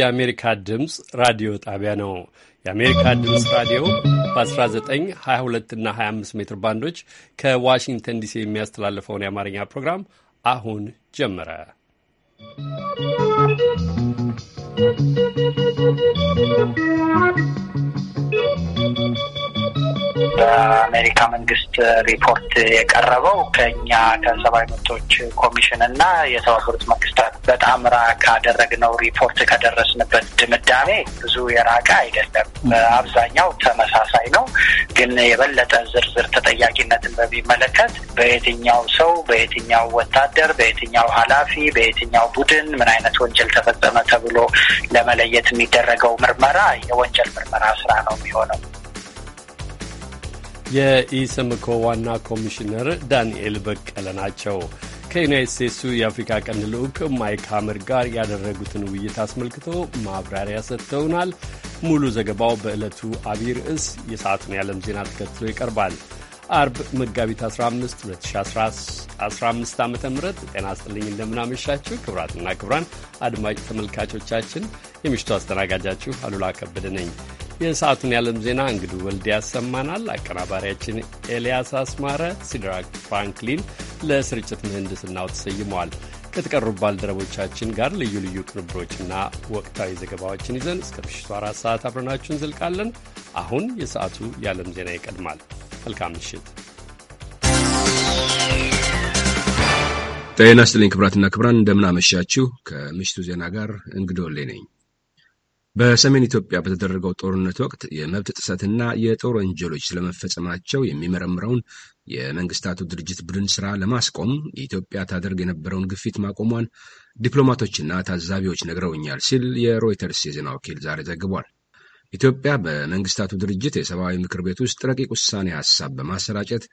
የአሜሪካ ድምፅ ራዲዮ ጣቢያ ነው። የአሜሪካ ድምፅ ራዲዮ በ1922 እና 25 ሜትር ባንዶች ከዋሽንግተን ዲሲ የሚያስተላልፈውን የአማርኛ ፕሮግራም አሁን ጀመረ። ¶¶ በአሜሪካ መንግስት ሪፖርት የቀረበው ከኛ ከሰብአዊ መብቶች ኮሚሽን እና የተባበሩት መንግስታት በጣምራ ካደረግነው ሪፖርት ከደረስንበት ድምዳሜ ብዙ የራቀ አይደለም። በአብዛኛው ተመሳሳይ ነው። ግን የበለጠ ዝርዝር ተጠያቂነትን በሚመለከት በየትኛው ሰው፣ በየትኛው ወታደር፣ በየትኛው ኃላፊ፣ በየትኛው ቡድን ምን አይነት ወንጀል ተፈጸመ ተብሎ ለመለየት የሚደረገው ምርመራ የወንጀል ምርመራ ስራ ነው የሚሆነው። የኢሰመኮ ዋና ኮሚሽነር ዳንኤል በቀለ ናቸው። ከዩናይት ስቴትሱ የአፍሪካ ቀንድ ልዑክ ማይክ ሀመር ጋር ያደረጉትን ውይይት አስመልክቶ ማብራሪያ ሰጥተውናል። ሙሉ ዘገባው በዕለቱ አብይ ርዕስ የሰዓቱን የዓለም ዜና ተከትሎ ይቀርባል። አርብ መጋቢት 15 2015 ዓ ም ጤና ስጥልኝ እንደምናመሻችሁ ክብራትና ክብራን አድማጭ ተመልካቾቻችን፣ የምሽቱ አስተናጋጃችሁ አሉላ ከበደ ነኝ። የሰዓቱን የዓለም ዜና እንግዱ ወልድ ያሰማናል። አቀናባሪያችን ኤልያስ አስማረ፣ ሲድራክ ፍራንክሊን ለስርጭት ምህንድስናው ተሰይመዋል። ከተቀሩ ባልደረቦቻችን ጋር ልዩ ልዩ ቅንብሮችና ወቅታዊ ዘገባዎችን ይዘን እስከ ምሽቱ አራት ሰዓት አብረናችሁ እንዘልቃለን። አሁን የሰዓቱ የዓለም ዜና ይቀድማል። መልካም ምሽት። ጤና ይስጥልኝ ክብራትና ክብራን፣ እንደምን ከምሽቱ ዜና ጋር እንግዶሌ ነኝ። በሰሜን ኢትዮጵያ በተደረገው ጦርነት ወቅት የመብት ጥሰትና የጦር ወንጀሎች ስለመፈጸማቸው የሚመረምረውን የመንግስታቱ ድርጅት ቡድን ስራ ለማስቆም የኢትዮጵያ ታደርግ የነበረውን ግፊት ማቆሟን ዲፕሎማቶችና ታዛቢዎች ነግረውኛል ሲል የሮይተርስ የዜና ወኪል ዛሬ ዘግቧል። ኢትዮጵያ በመንግስታቱ ድርጅት የሰብአዊ ምክር ቤት ውስጥ ረቂቅ ውሳኔ ሐሳብ በማሰራጨት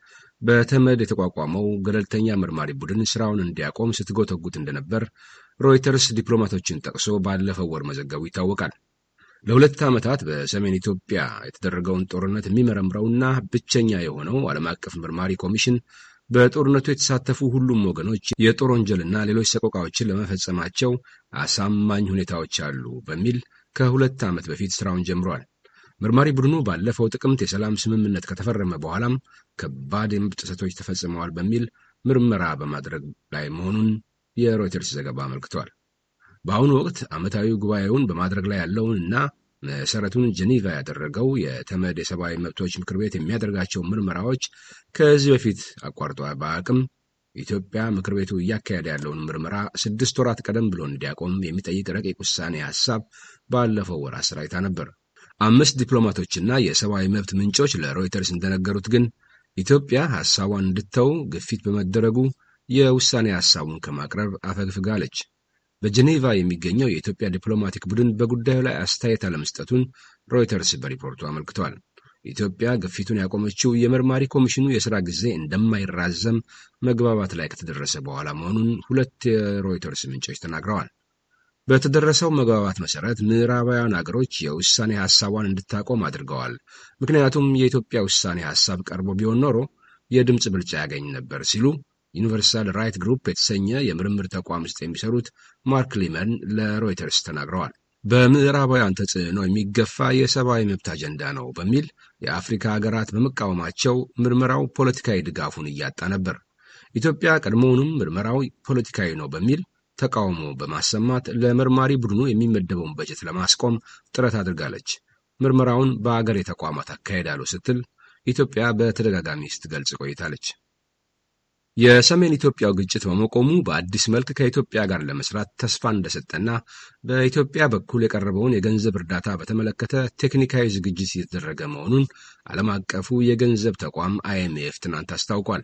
በተመድ የተቋቋመው ገለልተኛ መርማሪ ቡድን ሥራውን እንዲያቆም ስትጎተጉት እንደነበር ሮይተርስ ዲፕሎማቶችን ጠቅሶ ባለፈው ወር መዘገቡ ይታወቃል። ለሁለት ዓመታት በሰሜን ኢትዮጵያ የተደረገውን ጦርነት የሚመረምረውና ብቸኛ የሆነው ዓለም አቀፍ ምርማሪ ኮሚሽን በጦርነቱ የተሳተፉ ሁሉም ወገኖች የጦር ወንጀልና ሌሎች ሰቆቃዎችን ለመፈጸማቸው አሳማኝ ሁኔታዎች አሉ በሚል ከሁለት ዓመት በፊት ሥራውን ጀምሯል። ምርማሪ ቡድኑ ባለፈው ጥቅምት የሰላም ስምምነት ከተፈረመ በኋላም ከባድ የመብት ጥሰቶች ተፈጽመዋል በሚል ምርመራ በማድረግ ላይ መሆኑን የሮይተርስ ዘገባ አመልክቷል። በአሁኑ ወቅት ዓመታዊ ጉባኤውን በማድረግ ላይ ያለውን እና መሰረቱን ጀኒቫ ያደረገው የተመድ የሰብአዊ መብቶች ምክር ቤት የሚያደርጋቸው ምርመራዎች ከዚህ በፊት አቋርጧ በአቅም ኢትዮጵያ ምክር ቤቱ እያካሄደ ያለውን ምርመራ ስድስት ወራት ቀደም ብሎ እንዲያቆም የሚጠይቅ ረቂቅ ውሳኔ ሀሳብ ባለፈው ወር አሰራጭታ ነበር። አምስት ዲፕሎማቶችና የሰብአዊ መብት ምንጮች ለሮይተርስ እንደነገሩት ግን ኢትዮጵያ ሀሳቧን እንድተው ግፊት በመደረጉ የውሳኔ ሀሳቡን ከማቅረብ አፈግፍጋለች። በጄኔቫ የሚገኘው የኢትዮጵያ ዲፕሎማቲክ ቡድን በጉዳዩ ላይ አስተያየት አለመስጠቱን ሮይተርስ በሪፖርቱ አመልክቷል። ኢትዮጵያ ግፊቱን ያቆመችው የመርማሪ ኮሚሽኑ የሥራ ጊዜ እንደማይራዘም መግባባት ላይ ከተደረሰ በኋላ መሆኑን ሁለት የሮይተርስ ምንጮች ተናግረዋል። በተደረሰው መግባባት መሠረት ምዕራባውያን አገሮች የውሳኔ ሐሳቧን እንድታቆም አድርገዋል። ምክንያቱም የኢትዮጵያ ውሳኔ ሐሳብ ቀርቦ ቢሆን ኖሮ የድምፅ ብልጫ ያገኝ ነበር ሲሉ ዩኒቨርሳል ራይት ግሩፕ የተሰኘ የምርምር ተቋም ውስጥ የሚሰሩት ማርክ ሊመን ለሮይተርስ ተናግረዋል። በምዕራባውያን ተጽዕኖ የሚገፋ የሰብአዊ መብት አጀንዳ ነው በሚል የአፍሪካ ሀገራት በመቃወማቸው ምርመራው ፖለቲካዊ ድጋፉን እያጣ ነበር። ኢትዮጵያ ቀድሞውንም ምርመራው ፖለቲካዊ ነው በሚል ተቃውሞ በማሰማት ለመርማሪ ቡድኑ የሚመደበውን በጀት ለማስቆም ጥረት አድርጋለች። ምርመራውን በአገሬ ተቋማት አካሄዳለሁ ስትል ኢትዮጵያ በተደጋጋሚ ስትገልጽ ቆይታለች። የሰሜን ኢትዮጵያው ግጭት በመቆሙ በአዲስ መልክ ከኢትዮጵያ ጋር ለመስራት ተስፋ እንደሰጠና በኢትዮጵያ በኩል የቀረበውን የገንዘብ እርዳታ በተመለከተ ቴክኒካዊ ዝግጅት እየተደረገ መሆኑን ዓለም አቀፉ የገንዘብ ተቋም አይኤምኤፍ ትናንት አስታውቋል።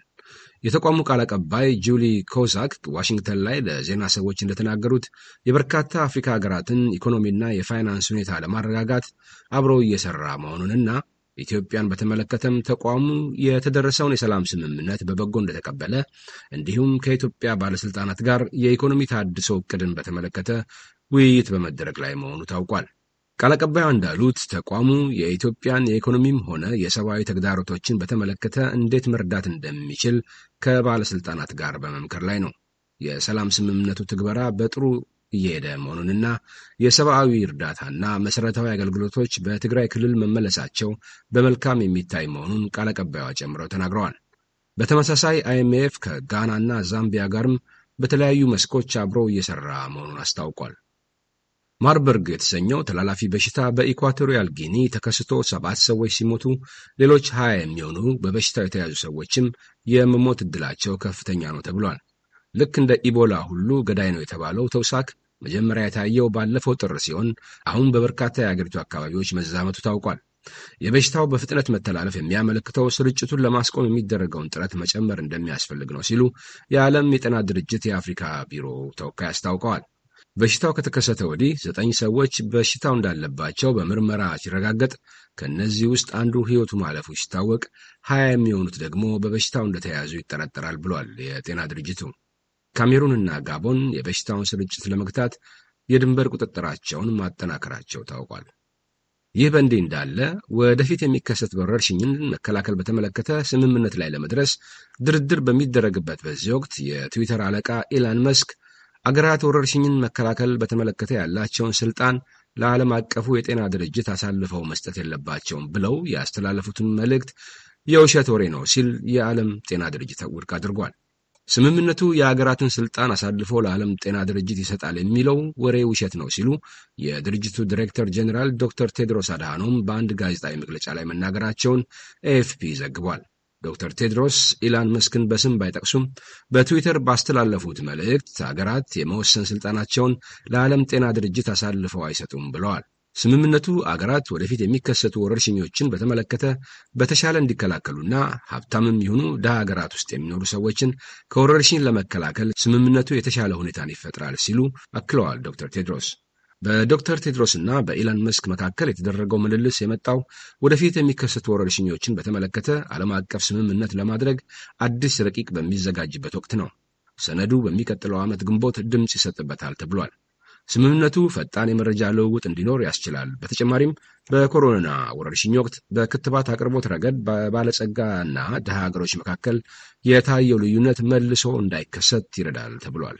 የተቋሙ ቃል አቀባይ ጁሊ ኮዛክ ዋሽንግተን ላይ ለዜና ሰዎች እንደተናገሩት የበርካታ አፍሪካ ሀገራትን ኢኮኖሚና የፋይናንስ ሁኔታ ለማረጋጋት አብሮ እየሰራ መሆኑንና ኢትዮጵያን በተመለከተም ተቋሙ የተደረሰውን የሰላም ስምምነት በበጎ እንደተቀበለ እንዲሁም ከኢትዮጵያ ባለሥልጣናት ጋር የኢኮኖሚ ታድሶ እቅድን በተመለከተ ውይይት በመደረግ ላይ መሆኑ ታውቋል። ቃል አቀባዩ እንዳሉት ተቋሙ የኢትዮጵያን የኢኮኖሚም ሆነ የሰብአዊ ተግዳሮቶችን በተመለከተ እንዴት መርዳት እንደሚችል ከባለሥልጣናት ጋር በመምከር ላይ ነው። የሰላም ስምምነቱ ትግበራ በጥሩ እየሄደ መሆኑንና የሰብአዊ እርዳታና መሠረታዊ አገልግሎቶች በትግራይ ክልል መመለሳቸው በመልካም የሚታይ መሆኑን ቃል አቀባይዋ ጨምረው ተናግረዋል። በተመሳሳይ አይኤምኤፍ ከጋናና ዛምቢያ ጋርም በተለያዩ መስኮች አብሮ እየሰራ መሆኑን አስታውቋል። ማርበርግ የተሰኘው ተላላፊ በሽታ በኢኳቶሪያል ጊኒ ተከስቶ ሰባት ሰዎች ሲሞቱ ሌሎች ሀያ የሚሆኑ በበሽታው የተያዙ ሰዎችም የመሞት ዕድላቸው ከፍተኛ ነው ተብሏል። ልክ እንደ ኢቦላ ሁሉ ገዳይ ነው የተባለው ተውሳክ መጀመሪያ የታየው ባለፈው ጥር ሲሆን አሁን በበርካታ የአገሪቱ አካባቢዎች መዛመቱ ታውቋል። የበሽታው በፍጥነት መተላለፍ የሚያመለክተው ስርጭቱን ለማስቆም የሚደረገውን ጥረት መጨመር እንደሚያስፈልግ ነው ሲሉ የዓለም የጤና ድርጅት የአፍሪካ ቢሮ ተወካይ አስታውቀዋል። በሽታው ከተከሰተ ወዲህ ዘጠኝ ሰዎች በሽታው እንዳለባቸው በምርመራ ሲረጋገጥ ከእነዚህ ውስጥ አንዱ ሕይወቱ ማለፉ ሲታወቅ ሀያ የሚሆኑት ደግሞ በበሽታው እንደተያያዙ ይጠረጠራል ብሏል የጤና ድርጅቱ። ካሜሩንና ጋቦን የበሽታውን ስርጭት ለመግታት የድንበር ቁጥጥራቸውን ማጠናከራቸው ታውቋል። ይህ በእንዲህ እንዳለ ወደፊት የሚከሰት ወረርሽኝን መከላከል በተመለከተ ስምምነት ላይ ለመድረስ ድርድር በሚደረግበት በዚህ ወቅት የትዊተር አለቃ ኢላን መስክ አገራት ወረርሽኝን መከላከል በተመለከተ ያላቸውን ስልጣን ለዓለም አቀፉ የጤና ድርጅት አሳልፈው መስጠት የለባቸውም ብለው ያስተላለፉትን መልእክት የውሸት ወሬ ነው ሲል የዓለም ጤና ድርጅት ውድቅ አድርጓል። ስምምነቱ የሀገራትን ስልጣን አሳልፎ ለዓለም ጤና ድርጅት ይሰጣል የሚለው ወሬ ውሸት ነው ሲሉ የድርጅቱ ዲሬክተር ጀኔራል ዶክተር ቴድሮስ አድሃኖም በአንድ ጋዜጣዊ መግለጫ ላይ መናገራቸውን ኤኤፍፒ ዘግቧል። ዶክተር ቴድሮስ ኢላን መስክን በስም ባይጠቅሱም በትዊተር ባስተላለፉት መልእክት ሀገራት የመወሰን ስልጣናቸውን ለዓለም ጤና ድርጅት አሳልፈው አይሰጡም ብለዋል። ስምምነቱ አገራት ወደፊት የሚከሰቱ ወረርሽኞችን በተመለከተ በተሻለ እንዲከላከሉና ሀብታምም ይሁኑ ድሃ አገራት ውስጥ የሚኖሩ ሰዎችን ከወረርሽኝ ለመከላከል ስምምነቱ የተሻለ ሁኔታን ይፈጥራል ሲሉ አክለዋል ዶክተር ቴድሮስ። በዶክተር ቴድሮስ እና በኢላን መስክ መካከል የተደረገው ምልልስ የመጣው ወደፊት የሚከሰቱ ወረርሽኞችን በተመለከተ ዓለም አቀፍ ስምምነት ለማድረግ አዲስ ረቂቅ በሚዘጋጅበት ወቅት ነው። ሰነዱ በሚቀጥለው ዓመት ግንቦት ድምፅ ይሰጥበታል ተብሏል። ስምምነቱ ፈጣን የመረጃ ልውውጥ እንዲኖር ያስችላል። በተጨማሪም በኮሮና ወረርሽኝ ወቅት በክትባት አቅርቦት ረገድ በባለጸጋና ድሃ ሀገሮች መካከል የታየው ልዩነት መልሶ እንዳይከሰት ይረዳል ተብሏል።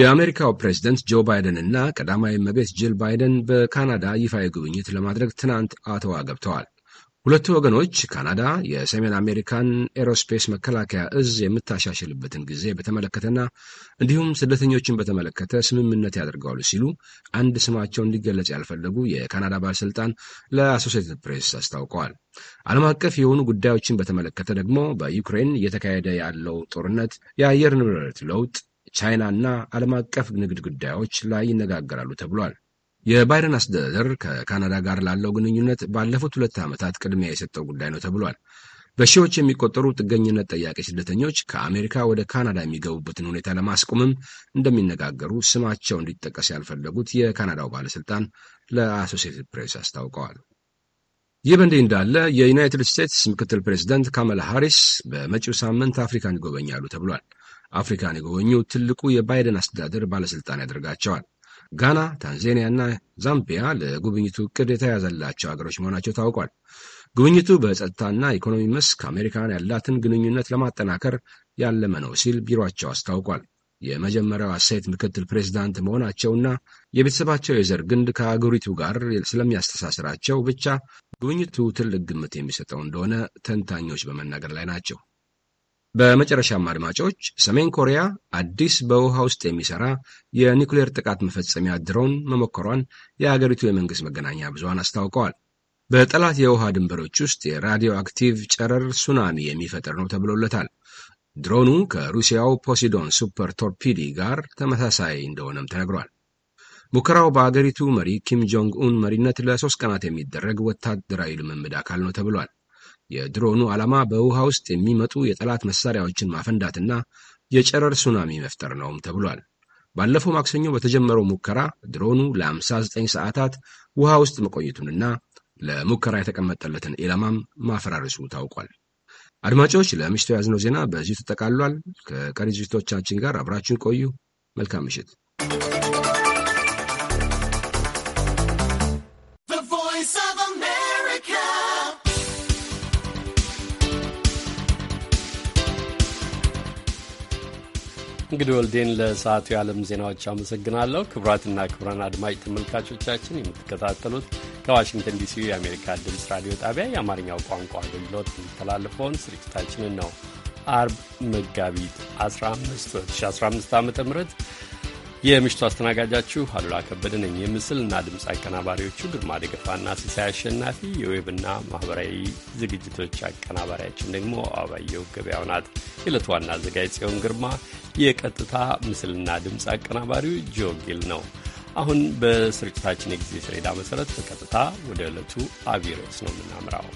የአሜሪካው ፕሬዝደንት ጆ ባይደን እና ቀዳማዊ እመቤት ጅል ባይደን በካናዳ ይፋ ጉብኝት ለማድረግ ትናንት አተዋ ገብተዋል። ሁለቱ ወገኖች ካናዳ የሰሜን አሜሪካን ኤሮስፔስ መከላከያ እዝ የምታሻሽልበትን ጊዜ በተመለከተና እንዲሁም ስደተኞችን በተመለከተ ስምምነት ያደርገዋሉ ሲሉ አንድ ስማቸው እንዲገለጽ ያልፈለጉ የካናዳ ባለሥልጣን ለአሶሴትድ ፕሬስ አስታውቀዋል። ዓለም አቀፍ የሆኑ ጉዳዮችን በተመለከተ ደግሞ በዩክሬን እየተካሄደ ያለው ጦርነት፣ የአየር ንብረት ለውጥ፣ ቻይና እና ዓለም አቀፍ ንግድ ጉዳዮች ላይ ይነጋገራሉ ተብሏል። የባይደን አስተዳደር ከካናዳ ጋር ላለው ግንኙነት ባለፉት ሁለት ዓመታት ቅድሚያ የሰጠው ጉዳይ ነው ተብሏል። በሺዎች የሚቆጠሩ ጥገኝነት ጠያቂ ስደተኞች ከአሜሪካ ወደ ካናዳ የሚገቡበትን ሁኔታ ለማስቆምም እንደሚነጋገሩ ስማቸው እንዲጠቀስ ያልፈለጉት የካናዳው ባለሥልጣን ለአሶሲየትድ ፕሬስ አስታውቀዋል። ይህ በእንዲህ እንዳለ የዩናይትድ ስቴትስ ምክትል ፕሬዚደንት ካማላ ሃሪስ በመጪው ሳምንት አፍሪካን ይጎበኛሉ ተብሏል። አፍሪካን የጎበኙ ትልቁ የባይደን አስተዳደር ባለሥልጣን ያደርጋቸዋል። ጋና፣ ታንዛኒያ እና ዛምቢያ ለጉብኝቱ እቅድ የተያዘላቸው ሀገሮች መሆናቸው ታውቋል። ጉብኝቱ በጸጥታና ኢኮኖሚ መስክ አሜሪካን ያላትን ግንኙነት ለማጠናከር ያለመ ነው ሲል ቢሮቸው አስታውቋል። የመጀመሪያው ሴት ምክትል ፕሬዚዳንት መሆናቸውና የቤተሰባቸው የዘር ግንድ ከአገሪቱ ጋር ስለሚያስተሳስራቸው ብቻ ጉብኝቱ ትልቅ ግምት የሚሰጠው እንደሆነ ተንታኞች በመናገር ላይ ናቸው። በመጨረሻም አድማጮች ሰሜን ኮሪያ አዲስ በውሃ ውስጥ የሚሰራ የኒውክሌር ጥቃት መፈጸሚያ ድሮን መሞከሯን የአገሪቱ የመንግሥት መገናኛ ብዙሃን አስታውቀዋል። በጠላት የውሃ ድንበሮች ውስጥ የራዲዮ አክቲቭ ጨረር ሱናሚ የሚፈጥር ነው ተብሎለታል። ድሮኑ ከሩሲያው ፖሲዶን ሱፐር ቶርፒዲ ጋር ተመሳሳይ እንደሆነም ተነግሯል። ሙከራው በአገሪቱ መሪ ኪም ጆንግ ኡን መሪነት ለሶስት ቀናት የሚደረግ ወታደራዊ ልምምድ አካል ነው ተብሏል። የድሮኑ ዓላማ በውሃ ውስጥ የሚመጡ የጠላት መሳሪያዎችን ማፈንዳትና የጨረር ሱናሚ መፍጠር ነውም ተብሏል። ባለፈው ማክሰኞ በተጀመረው ሙከራ ድሮኑ ለ59 ሰዓታት ውሃ ውስጥ መቆየቱንና ለሙከራ የተቀመጠለትን ኢላማም ማፈራረሱ ታውቋል። አድማጮች፣ ለምሽቱ የያዝነው ዜና በዚሁ ተጠቃልሏል። ከቀሪ ዝግጅቶቻችን ጋር አብራችን ቆዩ። መልካም ምሽት። እንግዲህ ወልዴን ለሰዓቱ የዓለም ዜናዎች አመሰግናለሁ። ክቡራትና ክቡራን አድማጭ ተመልካቾቻችን የምትከታተሉት ከዋሽንግተን ዲሲ የአሜሪካ ድምፅ ራዲዮ ጣቢያ የአማርኛው ቋንቋ አገልግሎት የሚተላለፈውን ስርጭታችንን ነው። አርብ መጋቢት 15 2015 ዓ ም የምሽቱ አስተናጋጃችሁ አሉላ ከበደ ነኝ። የምስልና ድምፅ አቀናባሪዎቹ ግርማ ደገፋና ሲሳይ አሸናፊ፣ የዌብና ማኅበራዊ ዝግጅቶች አቀናባሪያችን ደግሞ አባየው ገበያው ናት። የዕለቱ ዋና አዘጋጅ ጽዮን ግርማ፣ የቀጥታ ምስልና ድምፅ አቀናባሪው ጆ ጊል ነው። አሁን በስርጭታችን የጊዜ ሰሌዳ መሠረት በቀጥታ ወደ ዕለቱ አብይ ነው የምናምራው።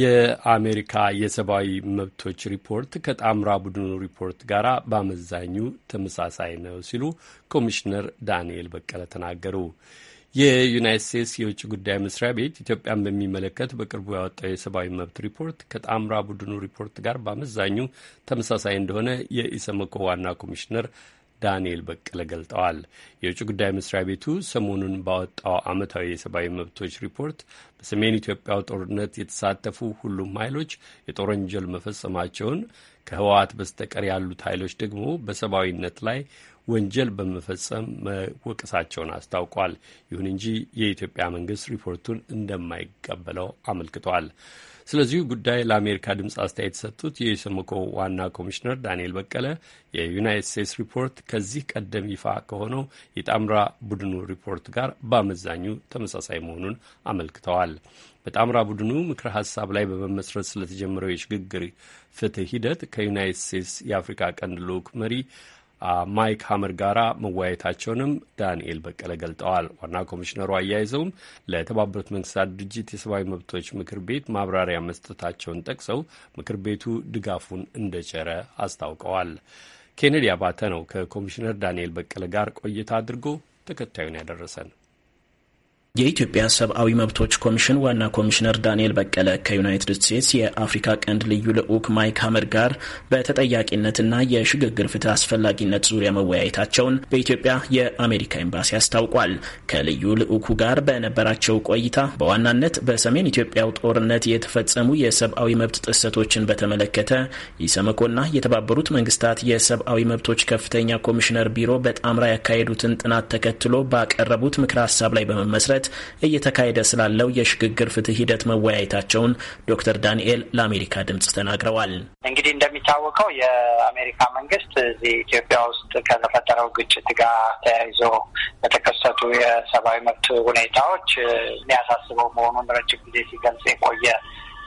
የአሜሪካ የሰብአዊ መብቶች ሪፖርት ከጣምራ ቡድኑ ሪፖርት ጋር በአመዛኙ ተመሳሳይ ነው ሲሉ ኮሚሽነር ዳንኤል በቀለ ተናገሩ። የዩናይት ስቴትስ የውጭ ጉዳይ መስሪያ ቤት ኢትዮጵያን በሚመለከት በቅርቡ ያወጣው የሰብአዊ መብት ሪፖርት ከጣምራ ቡድኑ ሪፖርት ጋር በአመዛኙ ተመሳሳይ እንደሆነ የኢሰመኮ ዋና ኮሚሽነር ዳንኤል በቀለ ገልጠዋል። የውጭ ጉዳይ መስሪያ ቤቱ ሰሞኑን ባወጣው ዓመታዊ የሰብአዊ መብቶች ሪፖርት በሰሜን ኢትዮጵያው ጦርነት የተሳተፉ ሁሉም ኃይሎች የጦር ወንጀል መፈጸማቸውን ከህወሓት በስተቀር ያሉት ኃይሎች ደግሞ በሰብአዊነት ላይ ወንጀል በመፈጸም መወቀሳቸውን አስታውቋል። ይሁን እንጂ የኢትዮጵያ መንግስት ሪፖርቱን እንደማይቀበለው አመልክቷል። ስለዚሁ ጉዳይ ለአሜሪካ ድምፅ አስተያየት የሰጡት የኢሰመኮ ዋና ኮሚሽነር ዳንኤል በቀለ የዩናይትድ ስቴትስ ሪፖርት ከዚህ ቀደም ይፋ ከሆነው የጣምራ ቡድኑ ሪፖርት ጋር በአመዛኙ ተመሳሳይ መሆኑን አመልክተዋል። በጣምራ ቡድኑ ምክረ ሀሳብ ላይ በመመስረት ስለተጀመረው የሽግግር ፍትህ ሂደት ከዩናይትድ ስቴትስ የአፍሪካ ቀንድ ልዑክ መሪ ማይክ ሀመር ጋራ መወያየታቸውንም ዳንኤል በቀለ ገልጠዋል። ዋና ኮሚሽነሩ አያይዘውም ለተባበሩት መንግስታት ድርጅት የሰብአዊ መብቶች ምክር ቤት ማብራሪያ መስጠታቸውን ጠቅሰው ምክር ቤቱ ድጋፉን እንደጨረ አስታውቀዋል። ኬኔዲ አባተ ነው ከኮሚሽነር ዳንኤል በቀለ ጋር ቆይታ አድርጎ ተከታዩን ያደረሰን። የኢትዮጵያ ሰብአዊ መብቶች ኮሚሽን ዋና ኮሚሽነር ዳንኤል በቀለ ከዩናይትድ ስቴትስ የአፍሪካ ቀንድ ልዩ ልዑክ ማይክ ሀመር ጋር በተጠያቂነትና የሽግግር ፍትህ አስፈላጊነት ዙሪያ መወያየታቸውን በኢትዮጵያ የአሜሪካ ኤምባሲ አስታውቋል። ከልዩ ልዑኩ ጋር በነበራቸው ቆይታ በዋናነት በሰሜን ኢትዮጵያው ጦርነት የተፈጸሙ የሰብአዊ መብት ጥሰቶችን በተመለከተ ኢሰመኮና የተባበሩት መንግስታት የሰብአዊ መብቶች ከፍተኛ ኮሚሽነር ቢሮ በጣምራ ያካሄዱትን ጥናት ተከትሎ ባቀረቡት ምክረ ሀሳብ ላይ በመመስረት ለማግኘት እየተካሄደ ስላለው የሽግግር ፍትህ ሂደት መወያየታቸውን ዶክተር ዳንኤል ለአሜሪካ ድምጽ ተናግረዋል። እንግዲህ እንደሚታወቀው የአሜሪካ መንግስት እዚህ ኢትዮጵያ ውስጥ ከተፈጠረው ግጭት ጋር ተያይዞ በተከሰቱ የሰብአዊ መብት ሁኔታዎች የሚያሳስበው መሆኑን ረጅም ጊዜ ሲገልጽ የቆየ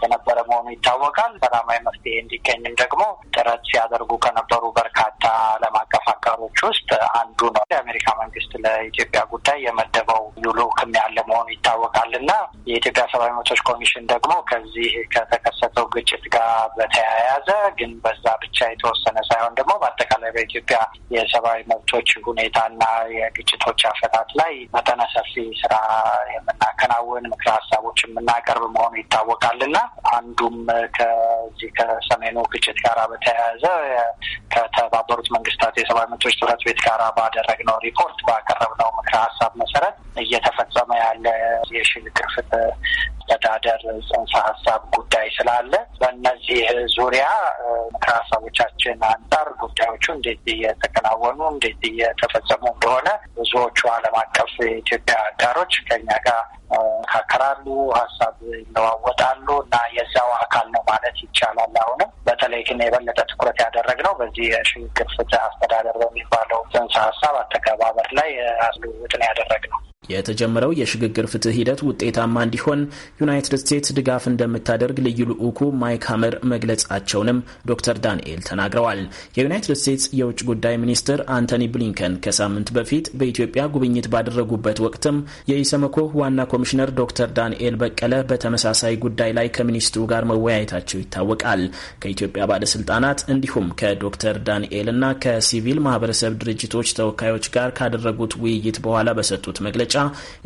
የነበረ መሆኑ ይታወቃል። ሰላማዊ መፍትሄ እንዲገኝም ደግሞ ጥረት ሲያደርጉ ከነበሩ በርካታ ዓለም አቀፍ ሀሳቦች ውስጥ አንዱ ነው። የአሜሪካ መንግስት ለኢትዮጵያ ጉዳይ የመደበው ልዑክም ያለ መሆኑ ይታወቃል እና የኢትዮጵያ ሰብአዊ መብቶች ኮሚሽን ደግሞ ከዚህ ከተከሰተው ግጭት ጋር በተያያዘ ግን በዛ ብቻ የተወሰነ ሳይሆን ደግሞ በአጠቃላይ በኢትዮጵያ የሰብአዊ መብቶች ሁኔታና የግጭቶች አፈታት ላይ መጠነ ሰፊ ስራ የምናከናውን ምክረ ሀሳቦች የምናቀርብ መሆኑ ይታወቃል እና አንዱም ከዚህ ከሰሜኑ ግጭት ጋር በተያያዘ ከተባበሩት መንግስታት የሰብአዊ መብቶች ሴቶች ጽሕፈት ቤት ጋር ባደረግነው ሪፖርት ባቀረብነው ምክረ ሀሳብ መሰረት እየተፈጸመ ያለ የሽግግር ፍትህ አስተዳደር ጽንሰ ሀሳብ ጉዳይ ስላለ በእነዚህ ዙሪያ ምክረ ሀሳቦቻችን አንጻር ጉዳዮቹ እንዴት እየተከናወኑ እንዴት እየተፈጸሙ እንደሆነ ብዙዎቹ ዓለም አቀፍ የኢትዮጵያ አጋሮች ከኛ ጋር መካከራሉ፣ ሀሳብ ይለዋወጣሉ እና የዛው አካል ነው ማለት ይቻላል። አሁንም በተለይ ግን የበለጠ ትኩረት ያደረግነው በዚህ የሽግግር ፍትህ አስተዳደር በሚባለው ጽንሰ ሀሳብ አተገባበር ላይ ልውውጥን ያደረግነው የተጀመረው የሽግግር ፍትህ ሂደት ውጤታማ እንዲሆን ዩናይትድ ስቴትስ ድጋፍ እንደምታደርግ ልዩ ልዑኩ ማይክ ሀመር መግለጻቸውንም ዶክተር ዳንኤል ተናግረዋል። የዩናይትድ ስቴትስ የውጭ ጉዳይ ሚኒስትር አንቶኒ ብሊንከን ከሳምንት በፊት በኢትዮጵያ ጉብኝት ባደረጉበት ወቅትም የኢሰመኮ ዋና ኮሚሽነር ዶክተር ዳንኤል በቀለ በተመሳሳይ ጉዳይ ላይ ከሚኒስትሩ ጋር መወያየታቸው ይታወቃል። ከኢትዮጵያ ባለስልጣናት እንዲሁም ከዶክተር ዳንኤል እና ከሲቪል ማህበረሰብ ድርጅቶች ተወካዮች ጋር ካደረጉት ውይይት በኋላ በሰጡት መግለጫ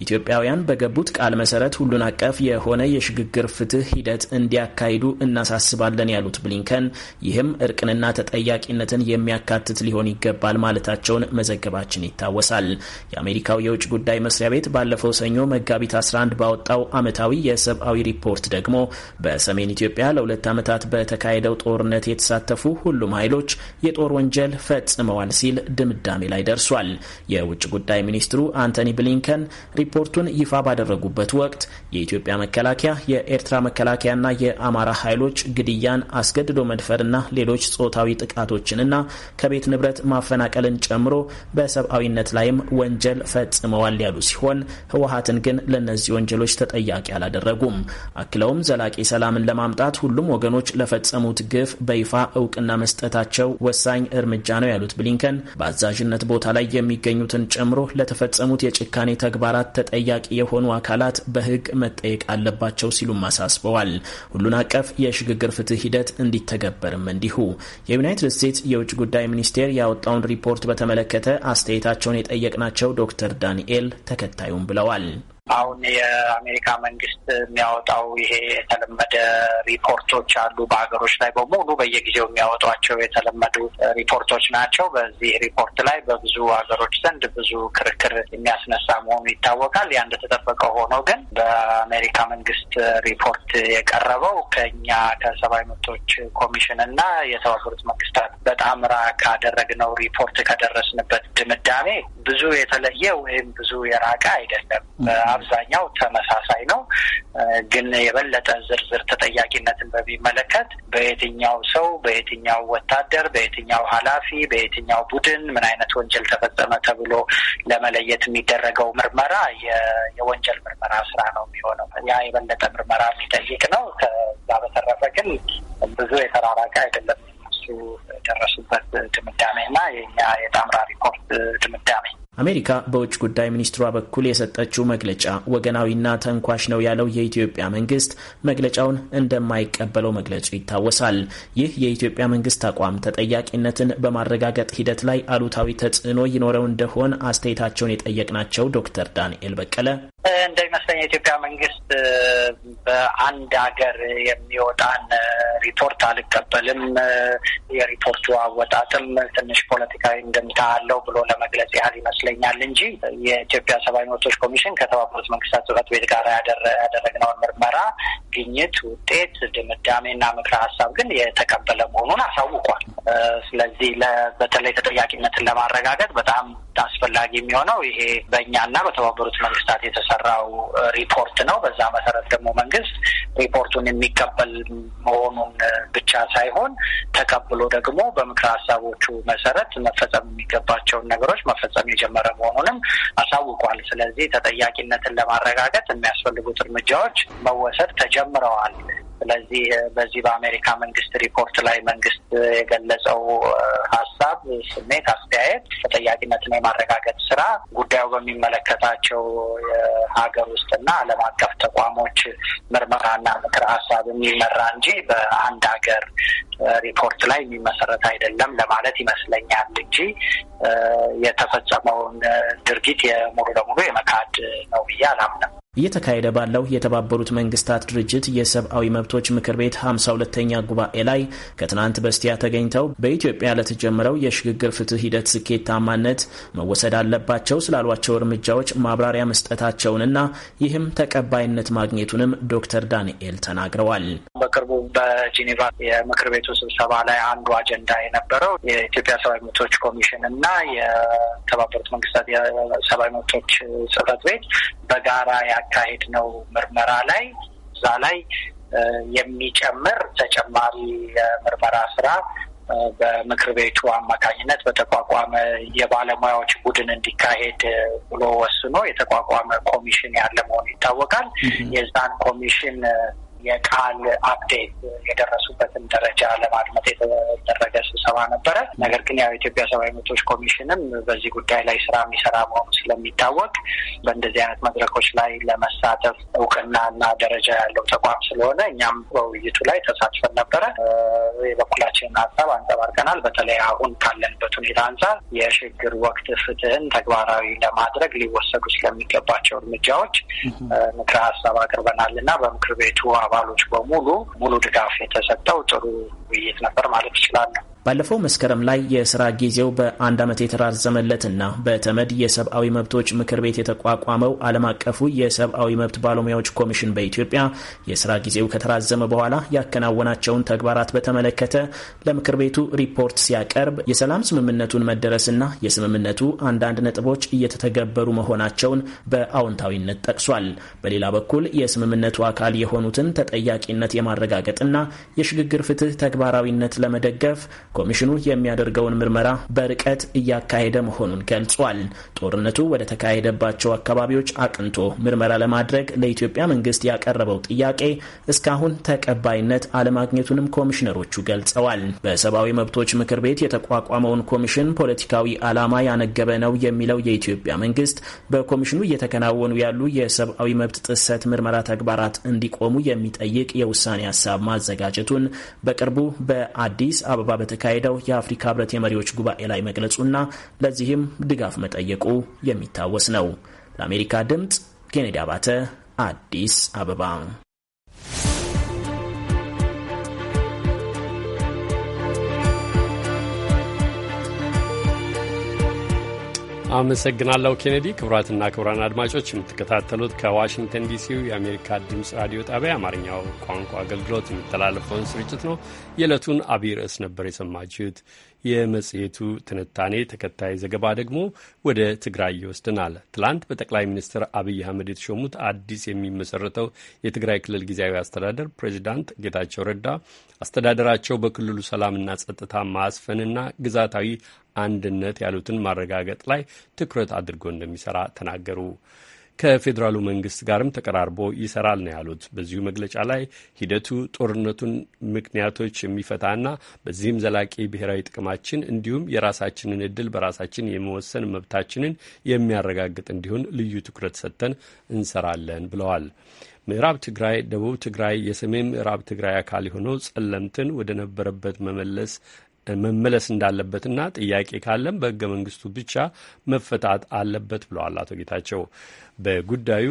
ኢትዮጵያውያን በገቡት ቃል መሰረት ሁሉን አቀፍ የሆነ የሽግግር ፍትህ ሂደት እንዲያካሂዱ እናሳስባለን ያሉት ብሊንከን ይህም እርቅንና ተጠያቂነትን የሚያካትት ሊሆን ይገባል ማለታቸውን መዘገባችን ይታወሳል። የአሜሪካው የውጭ ጉዳይ መስሪያ ቤት ባለፈው ሰኞ መጋቢት 11 ባወጣው ዓመታዊ የሰብአዊ ሪፖርት ደግሞ በሰሜን ኢትዮጵያ ለሁለት ዓመታት በተካሄደው ጦርነት የተሳተፉ ሁሉም ኃይሎች የጦር ወንጀል ፈጽመዋል ሲል ድምዳሜ ላይ ደርሷል። የውጭ ጉዳይ ሚኒስትሩ አንቶኒ ብሊንከን በመሆን ሪፖርቱን ይፋ ባደረጉበት ወቅት የኢትዮጵያ መከላከያ፣ የኤርትራ መከላከያና የአማራ ኃይሎች ግድያን፣ አስገድዶ መድፈርና ሌሎች ጾታዊ ጥቃቶችንና ከቤት ንብረት ማፈናቀልን ጨምሮ በሰብአዊነት ላይም ወንጀል ፈጽመዋል ያሉ ሲሆን ህወሀትን ግን ለእነዚህ ወንጀሎች ተጠያቂ አላደረጉም። አክለውም ዘላቂ ሰላምን ለማምጣት ሁሉም ወገኖች ለፈጸሙት ግፍ በይፋ እውቅና መስጠታቸው ወሳኝ እርምጃ ነው ያሉት ብሊንከን በአዛዥነት ቦታ ላይ የሚገኙትን ጨምሮ ለተፈጸሙት የጭካኔ ተግባራት ተጠያቂ የሆኑ አካላት በሕግ መጠየቅ አለባቸው ሲሉም አሳስበዋል። ሁሉን አቀፍ የሽግግር ፍትህ ሂደት እንዲተገበርም እንዲሁ። የዩናይትድ ስቴትስ የውጭ ጉዳይ ሚኒስቴር ያወጣውን ሪፖርት በተመለከተ አስተያየታቸውን የጠየቅናቸው ዶክተር ዳንኤል ተከታዩም ብለዋል። አሁን የአሜሪካ መንግስት የሚያወጣው ይሄ የተለመደ ሪፖርቶች አሉ። በሀገሮች ላይ በሙሉ በየጊዜው የሚያወጧቸው የተለመዱ ሪፖርቶች ናቸው። በዚህ ሪፖርት ላይ በብዙ ሀገሮች ዘንድ ብዙ ክርክር የሚያስነሳ መሆኑ ይታወቃል። ያ እንደተጠበቀ ሆኖ ግን በአሜሪካ መንግስት ሪፖርት የቀረበው ከኛ ከሰብአዊ መብቶች ኮሚሽን እና የተባበሩት መንግስታት በጣምራ ካደረግነው ሪፖርት ከደረስንበት ድምዳሜ ብዙ የተለየ ወይም ብዙ የራቀ አይደለም። አብዛኛው ተመሳሳይ ነው። ግን የበለጠ ዝርዝር ተጠያቂነትን በሚመለከት በየትኛው ሰው፣ በየትኛው ወታደር፣ በየትኛው ኃላፊ፣ በየትኛው ቡድን ምን አይነት ወንጀል ተፈጸመ ተብሎ ለመለየት የሚደረገው ምርመራ የወንጀል ምርመራ ስራ ነው የሚሆነው። ያ የበለጠ ምርመራ የሚጠይቅ ነው። ከዛ በተረፈ ግን ብዙ የተራራቀ አይደለም። አሜሪካ በውጭ ጉዳይ ሚኒስትሯ በኩል የሰጠችው መግለጫ ወገናዊና ተንኳሽ ነው ያለው የኢትዮጵያ መንግስት መግለጫውን እንደማይቀበለው መግለጹ ይታወሳል። ይህ የኢትዮጵያ መንግስት አቋም ተጠያቂነትን በማረጋገጥ ሂደት ላይ አሉታዊ ተጽዕኖ ይኖረው እንደሆን አስተያየታቸውን የጠየቅናቸው ዶክተር ዳንኤል በቀለ እንደሚመስለኝ የኢትዮጵያ መንግስት በአንድ ሀገር የሚወጣን ሪፖርት አልቀበልም፣ የሪፖርቱ አወጣጥም ትንሽ ፖለቲካዊ እንድምታ አለው ብሎ ለመግለጽ ያህል ይመስለኛል እንጂ የኢትዮጵያ ሰብአዊ መብቶች ኮሚሽን ከተባበሩት መንግስታት ጽሕፈት ቤት ጋር ያደረግነውን ምርመራ ግኝት፣ ውጤት፣ ድምዳሜና ምክረ ሀሳብ ግን የተቀበለ መሆኑን አሳውቋል። ስለዚህ በተለይ ተጠያቂነትን ለማረጋገጥ በጣም አስፈላጊ የሚሆነው ይሄ በእኛና በተባበሩት መንግስታት የተሰራው ሪፖርት ነው። በዛ መሰረት ደግሞ መንግስት ሪፖርቱን የሚቀበል መሆኑን ብቻ ሳይሆን ተቀብሎ ደግሞ በምክረ ሀሳቦቹ መሰረት መፈጸም የሚገባቸውን ነገሮች መፈጸም የጀመረ መሆኑንም አሳውቋል። ስለዚህ ተጠያቂነትን ለማረጋገጥ የሚያስፈልጉት እርምጃዎች መወሰድ ተጀምረዋል። ስለዚህ በዚህ በአሜሪካ መንግስት ሪፖርት ላይ መንግስት የገለጸው ሀሳብ፣ ስሜት፣ አስተያየት ተጠያቂነትን የማረጋገጥ ስራ ጉዳዩ በሚመለከታቸው የሀገር ውስጥና ዓለም አቀፍ ተቋሞች ምርመራና ምክር ሀሳብ የሚመራ እንጂ በአንድ ሀገር ሪፖርት ላይ የሚመሰረት አይደለም ለማለት ይመስለኛል እንጂ የተፈጸመውን ድርጊት የሙሉ ለሙሉ የመካድ ነው ብዬ አላምንም። እየተካሄደ ባለው የተባበሩት መንግስታት ድርጅት የሰብአዊ መብቶች ምክር ቤት 52ተኛ ጉባኤ ላይ ከትናንት በስቲያ ተገኝተው በኢትዮጵያ ለተጀመረው የሽግግር ፍትህ ሂደት ስኬታማነት መወሰድ አለባቸው ስላሏቸው እርምጃዎች ማብራሪያ መስጠታቸውንና ይህም ተቀባይነት ማግኘቱንም ዶክተር ዳንኤል ተናግረዋል። በቅርቡ በጄኔቫ የምክር ቤቱ ስብሰባ ላይ አንዱ አጀንዳ የነበረው የኢትዮጵያ ሰብአዊ መብቶች ኮሚሽን እና የተባበሩት መንግስታት የሰብአዊ መብቶች ጽህፈት ቤት በጋራ ነው ምርመራ ላይ እዛ ላይ የሚጨምር ተጨማሪ የምርመራ ስራ በምክር ቤቱ አማካኝነት በተቋቋመ የባለሙያዎች ቡድን እንዲካሄድ ብሎ ወስኖ የተቋቋመ ኮሚሽን ያለ መሆኑ ይታወቃል። የዛን ኮሚሽን የቃል አፕዴት የደረሱበትን ደረጃ ለማድመጥ የተደረገ ስብሰባ ነበረ። ነገር ግን ያው የኢትዮጵያ ሰብአዊ መብቶች ኮሚሽንም በዚህ ጉዳይ ላይ ስራ የሚሰራ መሆኑ ስለሚታወቅ በእንደዚህ አይነት መድረኮች ላይ ለመሳተፍ እውቅና እና ደረጃ ያለው ተቋም ስለሆነ እኛም በውይይቱ ላይ ተሳትፈን ነበረ። የበኩላችንን ሀሳብ አንጸባርቀናል። በተለይ አሁን ካለንበት ሁኔታ አንጻር የሽግግር ወቅት ፍትህን ተግባራዊ ለማድረግ ሊወሰዱ ስለሚገባቸው እርምጃዎች ምክረ ሀሳብ አቅርበናል እና በምክር ቤቱ አባሎች በሙሉ ሙሉ ድጋፍ የተሰጠው ጥሩ ውይይት ነበር ማለት ይችላል። ባለፈው መስከረም ላይ የስራ ጊዜው በአንድ ዓመት የተራዘመለትና በተመድ የሰብአዊ መብቶች ምክር ቤት የተቋቋመው ዓለም አቀፉ የሰብአዊ መብት ባለሙያዎች ኮሚሽን በኢትዮጵያ የስራ ጊዜው ከተራዘመ በኋላ ያከናወናቸውን ተግባራት በተመለከተ ለምክር ቤቱ ሪፖርት ሲያቀርብ የሰላም ስምምነቱን መደረስና የስምምነቱ አንዳንድ ነጥቦች እየተተገበሩ መሆናቸውን በአዎንታዊነት ጠቅሷል። በሌላ በኩል የስምምነቱ አካል የሆኑትን ተጠያቂነት የማረጋገጥና የሽግግር ፍትህ ተግባራዊነት ለመደገፍ ኮሚሽኑ የሚያደርገውን ምርመራ በርቀት እያካሄደ መሆኑን ገልጿል። ጦርነቱ ወደ ተካሄደባቸው አካባቢዎች አቅንቶ ምርመራ ለማድረግ ለኢትዮጵያ መንግስት ያቀረበው ጥያቄ እስካሁን ተቀባይነት አለማግኘቱንም ኮሚሽነሮቹ ገልጸዋል። በሰብአዊ መብቶች ምክር ቤት የተቋቋመውን ኮሚሽን ፖለቲካዊ ዓላማ ያነገበ ነው የሚለው የኢትዮጵያ መንግስት በኮሚሽኑ እየተከናወኑ ያሉ የሰብአዊ መብት ጥሰት ምርመራ ተግባራት እንዲቆሙ የሚጠይቅ የውሳኔ ሀሳብ ማዘጋጀቱን በቅርቡ በአዲስ አበባ በተ በተካሄደው የአፍሪካ ህብረት የመሪዎች ጉባኤ ላይ መግለጹና ለዚህም ድጋፍ መጠየቁ የሚታወስ ነው። ለአሜሪካ ድምፅ ኬኔዲ አባተ አዲስ አበባ አመሰግናለሁ ኬኔዲ። ክቡራትና ክቡራን አድማጮች የምትከታተሉት ከዋሽንግተን ዲሲው የአሜሪካ ድምፅ ራዲዮ ጣቢያ የአማርኛው ቋንቋ አገልግሎት የሚተላለፈውን ስርጭት ነው። የዕለቱን አብይ ርዕስ ነበር የሰማችሁት። የመጽሔቱ ትንታኔ ተከታይ ዘገባ ደግሞ ወደ ትግራይ ይወስድናል። ትላንት በጠቅላይ ሚኒስትር አብይ አህመድ የተሾሙት አዲስ የሚመሰረተው የትግራይ ክልል ጊዜያዊ አስተዳደር ፕሬዚዳንት ጌታቸው ረዳ አስተዳደራቸው በክልሉ ሰላምና ጸጥታ ማስፈንና ግዛታዊ አንድነት ያሉትን ማረጋገጥ ላይ ትኩረት አድርጎ እንደሚሰራ ተናገሩ። ከፌዴራሉ መንግስት ጋርም ተቀራርቦ ይሰራል ነው ያሉት። በዚሁ መግለጫ ላይ ሂደቱ ጦርነቱን ምክንያቶች የሚፈታና በዚህም ዘላቂ ብሔራዊ ጥቅማችን እንዲሁም የራሳችንን እድል በራሳችን የመወሰን መብታችንን የሚያረጋግጥ እንዲሆን ልዩ ትኩረት ሰጥተን እንሰራለን ብለዋል። ምዕራብ ትግራይ፣ ደቡብ ትግራይ፣ የሰሜን ምዕራብ ትግራይ አካል የሆነው ጸለምትን ወደ ነበረበት መመለስ መመለስ እንዳለበትና ጥያቄ ካለም በህገ መንግስቱ ብቻ መፈታት አለበት ብለዋል አቶ ጌታቸው። በጉዳዩ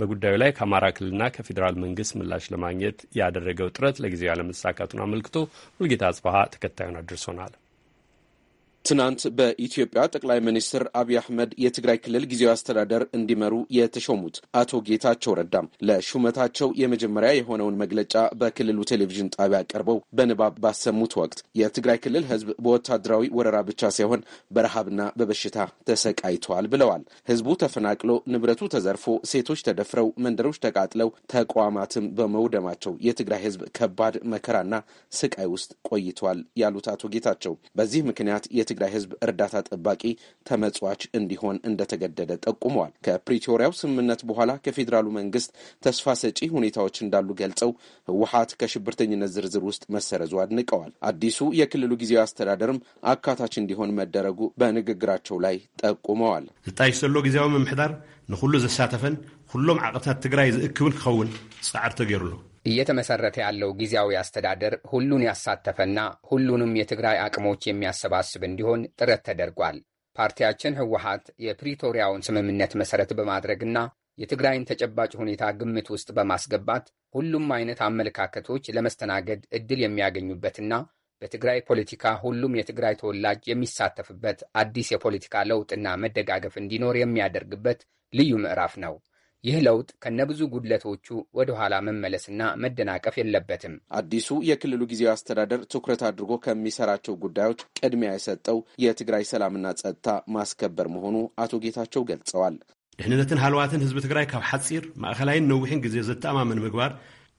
በጉዳዩ ላይ ከአማራ ክልልና ከፌዴራል መንግስት ምላሽ ለማግኘት ያደረገው ጥረት ለጊዜው ያለመሳካቱን አመልክቶ ሙልጌታ አጽባሀ ተከታዩን አድርሶናል። ትናንት በኢትዮጵያ ጠቅላይ ሚኒስትር አብይ አህመድ የትግራይ ክልል ጊዜያዊ አስተዳደር እንዲመሩ የተሾሙት አቶ ጌታቸው ረዳም ለሹመታቸው የመጀመሪያ የሆነውን መግለጫ በክልሉ ቴሌቪዥን ጣቢያ ቀርበው በንባብ ባሰሙት ወቅት የትግራይ ክልል ሕዝብ በወታደራዊ ወረራ ብቻ ሳይሆን በረሃብና በበሽታ ተሰቃይተዋል ብለዋል። ሕዝቡ ተፈናቅሎ ንብረቱ ተዘርፎ፣ ሴቶች ተደፍረው፣ መንደሮች ተቃጥለው፣ ተቋማትም በመውደማቸው የትግራይ ሕዝብ ከባድ መከራና ስቃይ ውስጥ ቆይተዋል ያሉት አቶ ጌታቸው በዚህ ምክንያት የትግራይ ህዝብ እርዳታ ጠባቂ ተመጽዋች እንዲሆን እንደተገደደ ጠቁመዋል። ከፕሪቶሪያው ስምምነት በኋላ ከፌዴራሉ መንግስት ተስፋ ሰጪ ሁኔታዎች እንዳሉ ገልጸው ህወሀት ከሽብርተኝነት ዝርዝር ውስጥ መሰረዙ አድንቀዋል። አዲሱ የክልሉ ጊዜያዊ አስተዳደርም አካታች እንዲሆን መደረጉ በንግግራቸው ላይ ጠቁመዋል። ዝጣይ ዘሎ ጊዜያዊ ምምሕዳር ንኩሉ ዘሳተፈን ኩሎም ዓቅብታት ትግራይ ዝእክብን ክኸውን ፃዕር ተገይሩሎ እየተመሰረተ ያለው ጊዜያዊ አስተዳደር ሁሉን ያሳተፈና ሁሉንም የትግራይ አቅሞች የሚያሰባስብ እንዲሆን ጥረት ተደርጓል። ፓርቲያችን ህወሀት የፕሪቶሪያውን ስምምነት መሰረት በማድረግና የትግራይን ተጨባጭ ሁኔታ ግምት ውስጥ በማስገባት ሁሉም አይነት አመለካከቶች ለመስተናገድ እድል የሚያገኙበትና በትግራይ ፖለቲካ ሁሉም የትግራይ ተወላጅ የሚሳተፍበት አዲስ የፖለቲካ ለውጥና መደጋገፍ እንዲኖር የሚያደርግበት ልዩ ምዕራፍ ነው። ይህ ለውጥ ከነብዙ ጉድለቶቹ ወደኋላ መመለስና መደናቀፍ የለበትም። አዲሱ የክልሉ ጊዜያዊ አስተዳደር ትኩረት አድርጎ ከሚሰራቸው ጉዳዮች ቅድሚያ የሰጠው የትግራይ ሰላምና ጸጥታ ማስከበር መሆኑ አቶ ጌታቸው ገልጸዋል። ድህንነትን ሃልዋትን ህዝቢ ትግራይ ካብ ሓፂር ማእኸላይን ነዊሕን ግዜ ዘተኣማመን ምግባር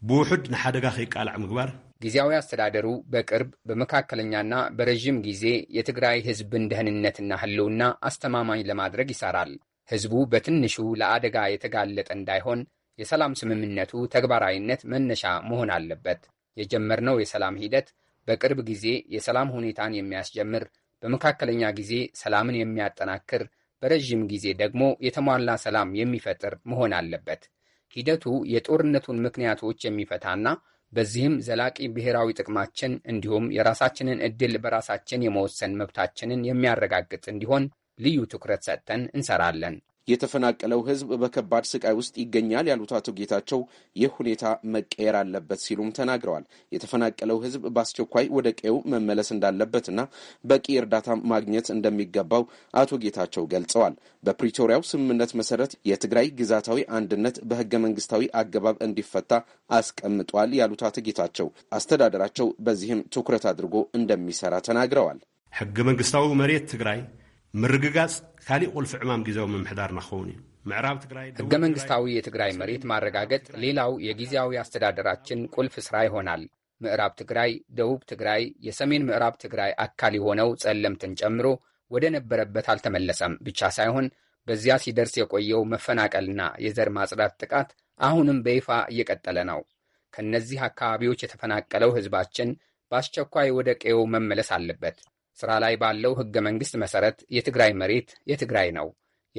ብውሑድ ንሓደጋ ከይቃልዕ ምግባር ጊዜያዊ አስተዳደሩ በቅርብ በመካከለኛና በረዥም ጊዜ የትግራይ ህዝብን ደህንነትና ህልውና አስተማማኝ ለማድረግ ይሰራል። ሕዝቡ በትንሹ ለአደጋ የተጋለጠ እንዳይሆን የሰላም ስምምነቱ ተግባራዊነት መነሻ መሆን አለበት። የጀመርነው የሰላም ሂደት በቅርብ ጊዜ የሰላም ሁኔታን የሚያስጀምር፣ በመካከለኛ ጊዜ ሰላምን የሚያጠናክር፣ በረዥም ጊዜ ደግሞ የተሟላ ሰላም የሚፈጥር መሆን አለበት። ሂደቱ የጦርነቱን ምክንያቶች የሚፈታና በዚህም ዘላቂ ብሔራዊ ጥቅማችን እንዲሁም የራሳችንን ዕድል በራሳችን የመወሰን መብታችንን የሚያረጋግጥ እንዲሆን ልዩ ትኩረት ሰጥተን እንሰራለን። የተፈናቀለው ህዝብ በከባድ ስቃይ ውስጥ ይገኛል ያሉት አቶ ጌታቸው ይህ ሁኔታ መቀየር አለበት ሲሉም ተናግረዋል። የተፈናቀለው ህዝብ በአስቸኳይ ወደ ቀዬው መመለስ እንዳለበትና በቂ እርዳታ ማግኘት እንደሚገባው አቶ ጌታቸው ገልጸዋል። በፕሪቶሪያው ስምምነት መሰረት የትግራይ ግዛታዊ አንድነት በህገ መንግስታዊ አገባብ እንዲፈታ አስቀምጧል ያሉት አቶ ጌታቸው አስተዳደራቸው በዚህም ትኩረት አድርጎ እንደሚሰራ ተናግረዋል። ህገ መንግስታዊ መሬት ትግራይ ምርግጋጽ ካሊእ ቁልፊ ዕማም ግዜዊ ምምሕዳር ክኸውን እዩ ምዕራብ ትግራይ ሕገ መንግስታዊ የትግራይ መሬት ማረጋገጥ ሌላው የጊዜያዊ አስተዳደራችን ቁልፍ ስራ ይሆናል። ምዕራብ ትግራይ፣ ደቡብ ትግራይ፣ የሰሜን ምዕራብ ትግራይ አካል የሆነው ጸለምትን ጨምሮ ወደ ነበረበት አልተመለሰም ብቻ ሳይሆን በዚያ ሲደርስ የቆየው መፈናቀልና የዘር ማጽዳት ጥቃት አሁንም በይፋ እየቀጠለ ነው። ከእነዚህ አካባቢዎች የተፈናቀለው ህዝባችን በአስቸኳይ ወደ ቀዬው መመለስ አለበት። ስራ ላይ ባለው ህገ መንግስት መሰረት የትግራይ መሬት የትግራይ ነው።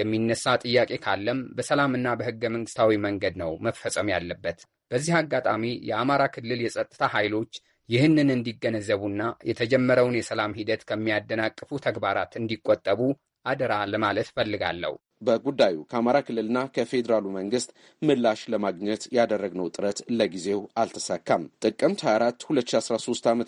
የሚነሳ ጥያቄ ካለም በሰላምና በህገ መንግስታዊ መንገድ ነው መፈጸም ያለበት። በዚህ አጋጣሚ የአማራ ክልል የጸጥታ ኃይሎች ይህንን እንዲገነዘቡና የተጀመረውን የሰላም ሂደት ከሚያደናቅፉ ተግባራት እንዲቆጠቡ አደራ ለማለት ፈልጋለሁ። በጉዳዩ ከአማራ ክልልና ከፌዴራሉ መንግስት ምላሽ ለማግኘት ያደረግነው ጥረት ለጊዜው አልተሳካም። ጥቅምት 24 2013 ዓ ም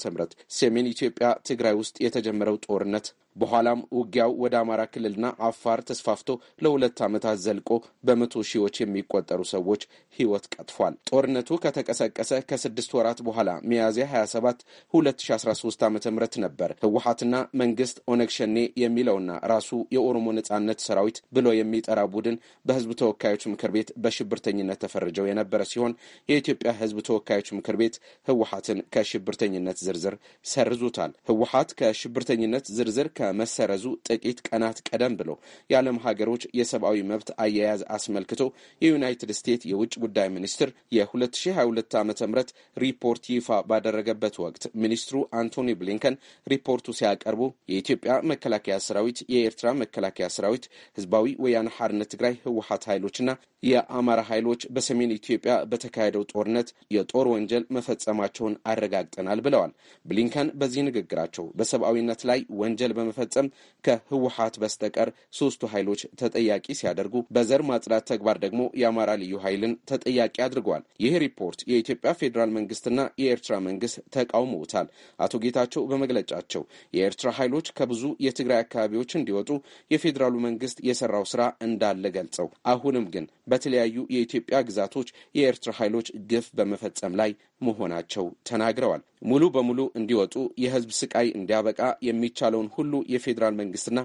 ሰሜን ኢትዮጵያ ትግራይ ውስጥ የተጀመረው ጦርነት በኋላም ውጊያው ወደ አማራ ክልልና አፋር ተስፋፍቶ ለሁለት ዓመታት ዘልቆ በመቶ ሺዎች የሚቆጠሩ ሰዎች ሕይወት ቀጥፏል። ጦርነቱ ከተቀሰቀሰ ከስድስት ወራት በኋላ ሚያዝያ 27 2013 ዓ ም ነበር ህወሀትና መንግስት ኦነግ ሸኔ የሚለውና ራሱ የኦሮሞ ነጻነት ሰራዊት ብሎ የሚጠራ ቡድን በህዝብ ተወካዮች ምክር ቤት በሽብርተኝነት ተፈርጀው የነበረ ሲሆን የኢትዮጵያ ህዝብ ተወካዮች ምክር ቤት ህወሀትን ከሽብርተኝነት ዝርዝር ሰርዙታል። ህወሀት ከሽብርተኝነት ዝርዝር ከ ከመሰረዙ ጥቂት ቀናት ቀደም ብሎ የዓለም ሀገሮች የሰብአዊ መብት አያያዝ አስመልክቶ የዩናይትድ ስቴትስ የውጭ ጉዳይ ሚኒስትር የ2022 ዓ ም ሪፖርት ይፋ ባደረገበት ወቅት ሚኒስትሩ አንቶኒ ብሊንከን ሪፖርቱ ሲያቀርቡ የኢትዮጵያ መከላከያ ሰራዊት፣ የኤርትራ መከላከያ ሰራዊት፣ ህዝባዊ ወያነ ሓርነት ትግራይ ህወሀት ኃይሎችና የአማራ ኃይሎች በሰሜን ኢትዮጵያ በተካሄደው ጦርነት የጦር ወንጀል መፈጸማቸውን አረጋግጠናል ብለዋል። ብሊንከን በዚህ ንግግራቸው በሰብአዊነት ላይ ወንጀል በመ ለመፈጸም ከህወሀት በስተቀር ሶስቱ ኃይሎች ተጠያቂ ሲያደርጉ በዘር ማጽዳት ተግባር ደግሞ የአማራ ልዩ ኃይልን ተጠያቂ አድርገዋል። ይህ ሪፖርት የኢትዮጵያ ፌዴራል መንግስትና የኤርትራ መንግስት ተቃውመውታል። አቶ ጌታቸው በመግለጫቸው የኤርትራ ኃይሎች ከብዙ የትግራይ አካባቢዎች እንዲወጡ የፌዴራሉ መንግስት የሰራው ስራ እንዳለ ገልጸው አሁንም ግን በተለያዩ የኢትዮጵያ ግዛቶች የኤርትራ ኃይሎች ግፍ በመፈጸም ላይ መሆናቸው ተናግረዋል። ሙሉ በሙሉ እንዲወጡ የህዝብ ስቃይ እንዲያበቃ የሚቻለውን ሁሉ የፌዴራል መንግስትና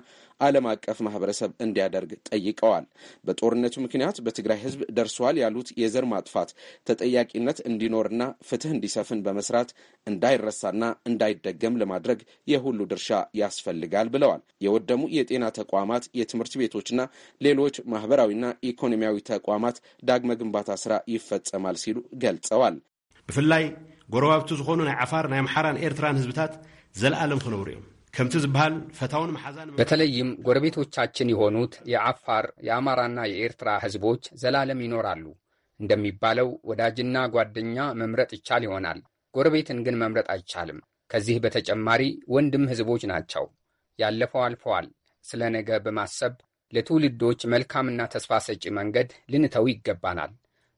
ዓለም አቀፍ ማህበረሰብ እንዲያደርግ ጠይቀዋል። በጦርነቱ ምክንያት በትግራይ ህዝብ ደርሷል ያሉት የዘር ማጥፋት ተጠያቂነት እንዲኖርና ፍትህ እንዲሰፍን በመስራት እንዳይረሳና እንዳይደገም ለማድረግ የሁሉ ድርሻ ያስፈልጋል ብለዋል። የወደሙ የጤና ተቋማት፣ የትምህርት ቤቶችና ሌሎች ማህበራዊና ኢኮኖሚያዊ ተቋማት ዳግመ ግንባታ ስራ ይፈጸማል ሲሉ ገልጸዋል። ብፍላይ ጎረባብቲ ዝኾኑ ናይ ዓፋር ናይ ኣምሓራን ኤርትራን ህዝብታት ዘለኣለም ክነብሩ እዮም ከምቲ ዝበሃል ፈታውን መሓዛን በተለይም ጎረቤቶቻችን የሆኑት የዓፋር የአማራና የኤርትራ ህዝቦች ዘላለም ይኖራሉ። እንደሚባለው ወዳጅና ጓደኛ መምረጥ ይቻል ይሆናል፣ ጎረቤትን ግን መምረጥ አይቻልም። ከዚህ በተጨማሪ ወንድም ህዝቦች ናቸው። ያለፈው አልፈዋል። ስለ ነገ በማሰብ ለትውልዶች መልካምና ተስፋ ሰጪ መንገድ ልንተው ይገባናል።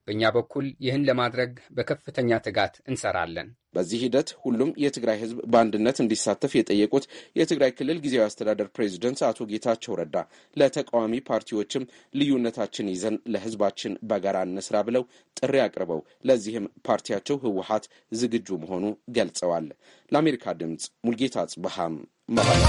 በእኛ በኩል ይህን ለማድረግ በከፍተኛ ትጋት እንሰራለን። በዚህ ሂደት ሁሉም የትግራይ ሕዝብ በአንድነት እንዲሳተፍ የጠየቁት የትግራይ ክልል ጊዜያዊ አስተዳደር ፕሬዚደንት አቶ ጌታቸው ረዳ ለተቃዋሚ ፓርቲዎችም ልዩነታችን ይዘን ለሕዝባችን በጋራ እንስራ ብለው ጥሪ አቅርበው ለዚህም ፓርቲያቸው ህወሀት ዝግጁ መሆኑ ገልጸዋል። ለአሜሪካ ድምፅ ሙልጌታ አጽብሃም መባል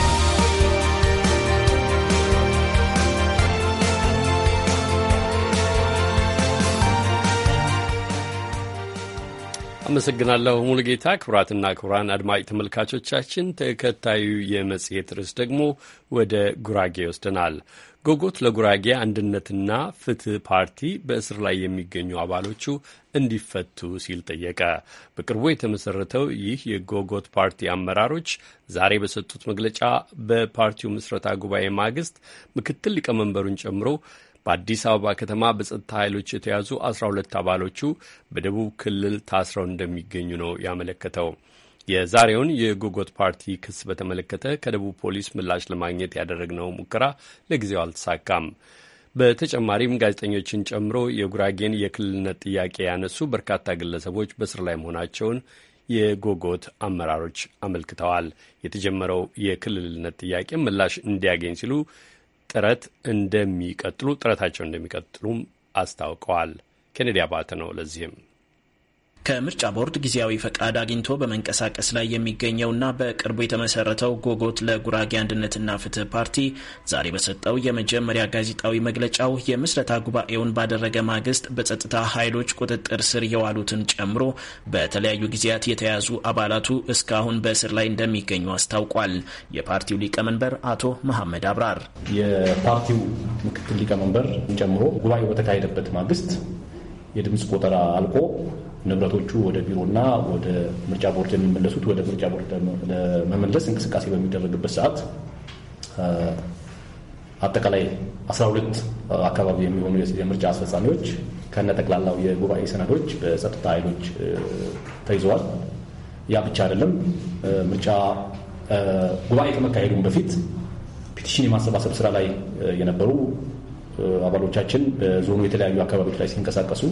አመሰግናለሁ ሙሉጌታ። ክቡራትና ክቡራን አድማጭ ተመልካቾቻችን ተከታዩ የመጽሔት ርዕስ ደግሞ ወደ ጉራጌ ይወስደናል። ጎጎት ለጉራጌ አንድነትና ፍትህ ፓርቲ በእስር ላይ የሚገኙ አባሎቹ እንዲፈቱ ሲል ጠየቀ። በቅርቡ የተመሰረተው ይህ የጎጎት ፓርቲ አመራሮች ዛሬ በሰጡት መግለጫ በፓርቲው ምስረታ ጉባኤ ማግስት ምክትል ሊቀመንበሩን ጨምሮ በአዲስ አበባ ከተማ በጸጥታ ኃይሎች የተያዙ ሁለት አባሎቹ በደቡብ ክልል ታስረው እንደሚገኙ ነው ያመለከተው። የዛሬውን የጎጎት ፓርቲ ክስ በተመለከተ ከደቡብ ፖሊስ ምላሽ ለማግኘት ያደረግነው ሙከራ ለጊዜው አልተሳካም። በተጨማሪም ጋዜጠኞችን ጨምሮ የጉራጌን የክልልነት ጥያቄ ያነሱ በርካታ ግለሰቦች በስር ላይ መሆናቸውን የጎጎት አመራሮች አመልክተዋል። የተጀመረው የክልልነት ጥያቄ ምላሽ እንዲያገኝ ሲሉ ጥረት እንደሚቀጥሉ ጥረታቸው እንደሚቀጥሉም አስታውቀዋል። ኬኔዲ አባተ ነው ለዚህም ከምርጫ ቦርድ ጊዜያዊ ፈቃድ አግኝቶ በመንቀሳቀስ ላይ የሚገኘውና በቅርቡ የተመሰረተው ጎጎት ለጉራጌ አንድነትና ፍትህ ፓርቲ ዛሬ በሰጠው የመጀመሪያ ጋዜጣዊ መግለጫው የምስረታ ጉባኤውን ባደረገ ማግስት በጸጥታ ኃይሎች ቁጥጥር ስር የዋሉትን ጨምሮ በተለያዩ ጊዜያት የተያዙ አባላቱ እስካሁን በእስር ላይ እንደሚገኙ አስታውቋል። የፓርቲው ሊቀመንበር አቶ መሐመድ አብራር የፓርቲው ምክትል ሊቀመንበር ጨምሮ ጉባኤው በተካሄደበት ማግስት የድምፅ ቆጠራ አልቆ ንብረቶቹ ወደ ቢሮና ወደ ምርጫ ቦርድ የሚመለሱት ወደ ምርጫ ቦርድ ለመመለስ እንቅስቃሴ በሚደረግበት ሰዓት አጠቃላይ 12 አካባቢ የሚሆኑ የምርጫ አስፈጻሚዎች ከነ ጠቅላላው የጉባኤ ሰነዶች በጸጥታ ኃይሎች ተይዘዋል። ያ ብቻ አይደለም። ምርጫ ጉባኤ ከመካሄዱም በፊት ፒቲሽን የማሰባሰብ ስራ ላይ የነበሩ አባሎቻችን በዞኑ የተለያዩ አካባቢዎች ላይ ሲንቀሳቀሱ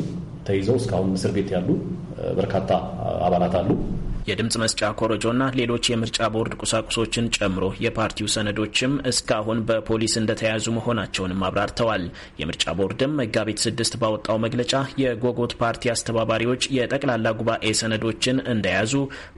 ተይዘው እስካሁን እስር ቤት ያሉ በርካታ አባላት አሉ። የድምፅ መስጫ ኮረጆና ሌሎች የምርጫ ቦርድ ቁሳቁሶችን ጨምሮ የፓርቲው ሰነዶችም እስካሁን በፖሊስ እንደተያዙ መሆናቸውንም አብራርተዋል። የምርጫ ቦርድም መጋቢት ስድስት ባወጣው መግለጫ የጎጎት ፓርቲ አስተባባሪዎች የጠቅላላ ጉባኤ ሰነዶችን እንደያዙ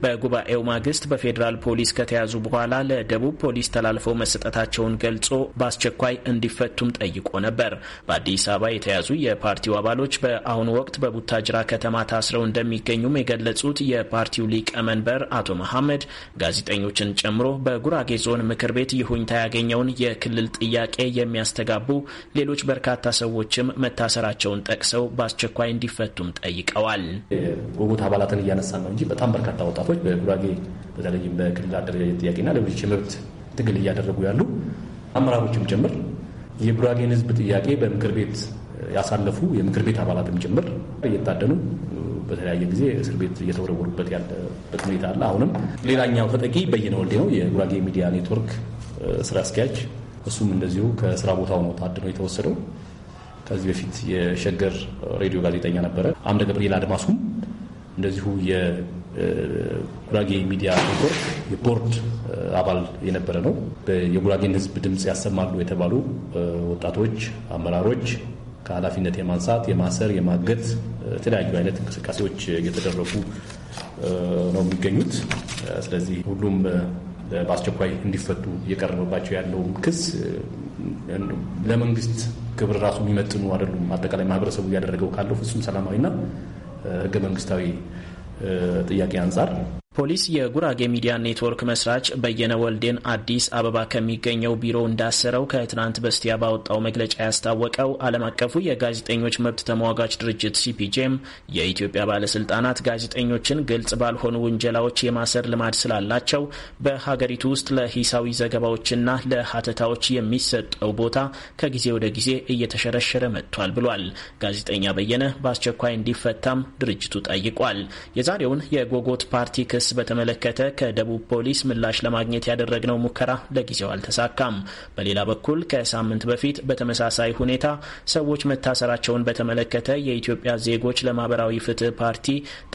በጉባኤው ማግስት በፌዴራል ፖሊስ ከተያዙ በኋላ ለደቡብ ፖሊስ ተላልፈው መሰጠታቸውን ገልጾ በአስቸኳይ እንዲፈቱም ጠይቆ ነበር። በአዲስ አበባ የተያዙ የፓርቲው አባሎች በአሁኑ ወቅት በቡታጅራ ከተማ ታስረው እንደሚገኙም የገለጹት የፓርቲው ሊቀ ሊቀመንበር አቶ መሐመድ ጋዜጠኞችን ጨምሮ በጉራጌ ዞን ምክር ቤት ይሁኝታ ያገኘውን የክልል ጥያቄ የሚያስተጋቡ ሌሎች በርካታ ሰዎችም መታሰራቸውን ጠቅሰው በአስቸኳይ እንዲፈቱም ጠይቀዋል። ጉጉት አባላትን እያነሳ ነው እንጂ በጣም በርካታ ወጣቶች በጉራጌ በተለይም በክልል አደረጃጀት ጥያቄና ሌሎች የመብት ትግል እያደረጉ ያሉ አመራሮችም ጭምር የጉራጌን ሕዝብ ጥያቄ በምክር ቤት ያሳለፉ የምክር ቤት አባላትም ጭምር እየታደኑ በተለያየ ጊዜ እስር ቤት እየተወረወሩበት ያለበት ሁኔታ አለ። አሁንም ሌላኛው ተጠቂ በየነ ወልዴ ነው፣ የጉራጌ ሚዲያ ኔትወርክ ስራ አስኪያጅ። እሱም እንደዚሁ ከስራ ቦታው ነው ታድኖ የተወሰደው። ከዚህ በፊት የሸገር ሬዲዮ ጋዜጠኛ ነበረ። አምደ ገብርኤል አድማሱም እንደዚሁ የጉራጌ ሚዲያ ኔትወርክ የቦርድ አባል የነበረ ነው። የጉራጌን ሕዝብ ድምፅ ያሰማሉ የተባሉ ወጣቶች፣ አመራሮች ከኃላፊነት የማንሳት የማሰር፣ የማገት የተለያዩ አይነት እንቅስቃሴዎች እየተደረጉ ነው የሚገኙት። ስለዚህ ሁሉም በአስቸኳይ እንዲፈቱ እየቀረበባቸው ያለው ክስ ለመንግስት ክብር ራሱ የሚመጥኑ አይደሉም። አጠቃላይ ማህበረሰቡ እያደረገው ካለው ፍጹም ሰላማዊና ህገ መንግስታዊ ጥያቄ አንጻር ፖሊስ የጉራጌ ሚዲያ ኔትወርክ መስራች በየነ ወልዴን አዲስ አበባ ከሚገኘው ቢሮ እንዳሰረው ከትናንት በስቲያ ባወጣው መግለጫ ያስታወቀው ዓለም አቀፉ የጋዜጠኞች መብት ተሟጋች ድርጅት ሲፒጄም የኢትዮጵያ ባለስልጣናት ጋዜጠኞችን ግልጽ ባልሆኑ ውንጀላዎች የማሰር ልማድ ስላላቸው በሀገሪቱ ውስጥ ለሂሳዊ ዘገባዎችና ለሀተታዎች የሚሰጠው ቦታ ከጊዜ ወደ ጊዜ እየተሸረሸረ መጥቷል ብሏል። ጋዜጠኛ በየነ በአስቸኳይ እንዲፈታም ድርጅቱ ጠይቋል። የዛሬውን የጎጎት ፓርቲ ክስ ክስ በተመለከተ ከደቡብ ፖሊስ ምላሽ ለማግኘት ያደረግነው ሙከራ ለጊዜው አልተሳካም። በሌላ በኩል ከሳምንት በፊት በተመሳሳይ ሁኔታ ሰዎች መታሰራቸውን በተመለከተ የኢትዮጵያ ዜጎች ለማህበራዊ ፍትህ ፓርቲ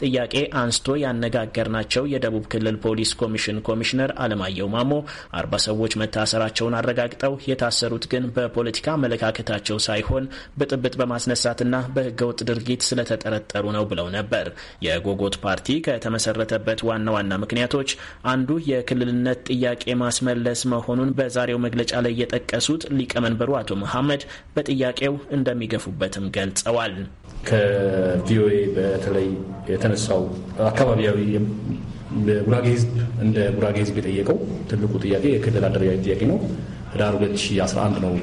ጥያቄ አንስቶ ያነጋገርናቸው የደቡብ ክልል ፖሊስ ኮሚሽን ኮሚሽነር አለማየሁ ማሞ አርባ ሰዎች መታሰራቸውን አረጋግጠው የታሰሩት ግን በፖለቲካ አመለካከታቸው ሳይሆን ብጥብጥ በማስነሳትና በህገወጥ ድርጊት ስለተጠረጠሩ ነው ብለው ነበር። የጎጎት ፓርቲ ከተመሰረተበት ዋ ዋና ዋና ምክንያቶች አንዱ የክልልነት ጥያቄ ማስመለስ መሆኑን በዛሬው መግለጫ ላይ የጠቀሱት ሊቀመንበሩ አቶ መሐመድ በጥያቄው እንደሚገፉበትም ገልጸዋል። ከቪኦኤ በተለይ የተነሳው አካባቢያዊ ጉራጌ ህዝብ እንደ ጉራጌ ህዝብ የጠየቀው ትልቁ ጥያቄ የክልል አደረጃጀት ጥያቄ ነው። ህዳር 2011 ነው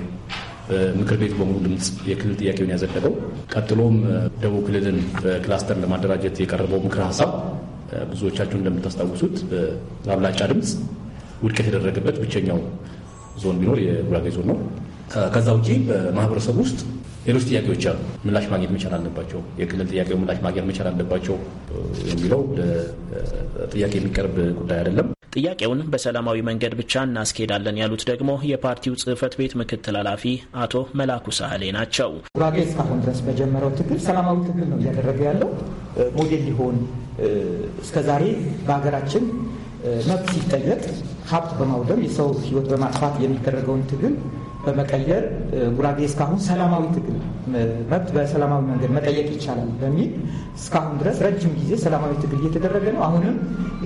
ምክር ቤቱ በሙሉ ድምፅ የክልል ጥያቄውን ያዘለቀው። ቀጥሎም ደቡብ ክልልን በክላስተር ለማደራጀት የቀረበው ምክር ሀሳብ ብዙዎቻችሁ እንደምታስታውሱት በአብላጫ ድምፅ ውድቀት የተደረገበት ብቸኛው ዞን ቢኖር የጉራጌ ዞን ነው። ከዛ ውጪ በማህበረሰቡ ውስጥ ሌሎች ጥያቄዎች አሉ። ምላሽ ማግኘት መቻል አለባቸው። የክልል ጥያቄው ምላሽ ማግኘት መቻል አለባቸው የሚለው ጥያቄ የሚቀርብ ጉዳይ አይደለም። ጥያቄውን በሰላማዊ መንገድ ብቻ እናስኬዳለን ያሉት ደግሞ የፓርቲው ጽህፈት ቤት ምክትል ኃላፊ አቶ መላኩ ሳህሌ ናቸው። ጉራጌ እስካሁን ድረስ በጀመረው ትግል ሰላማዊ ትግል ነው እያደረገ ያለው ሞዴል ሊሆን እስከዛሬ በሀገራችን መብት ሲጠየቅ ሀብት በማውደም የሰው ህይወት በማጥፋት የሚደረገውን ትግል በመቀየር ጉራጌ እስካሁን ሰላማዊ ትግል መብት በሰላማዊ መንገድ መጠየቅ ይቻላል በሚል እስካሁን ድረስ ረጅም ጊዜ ሰላማዊ ትግል እየተደረገ ነው። አሁንም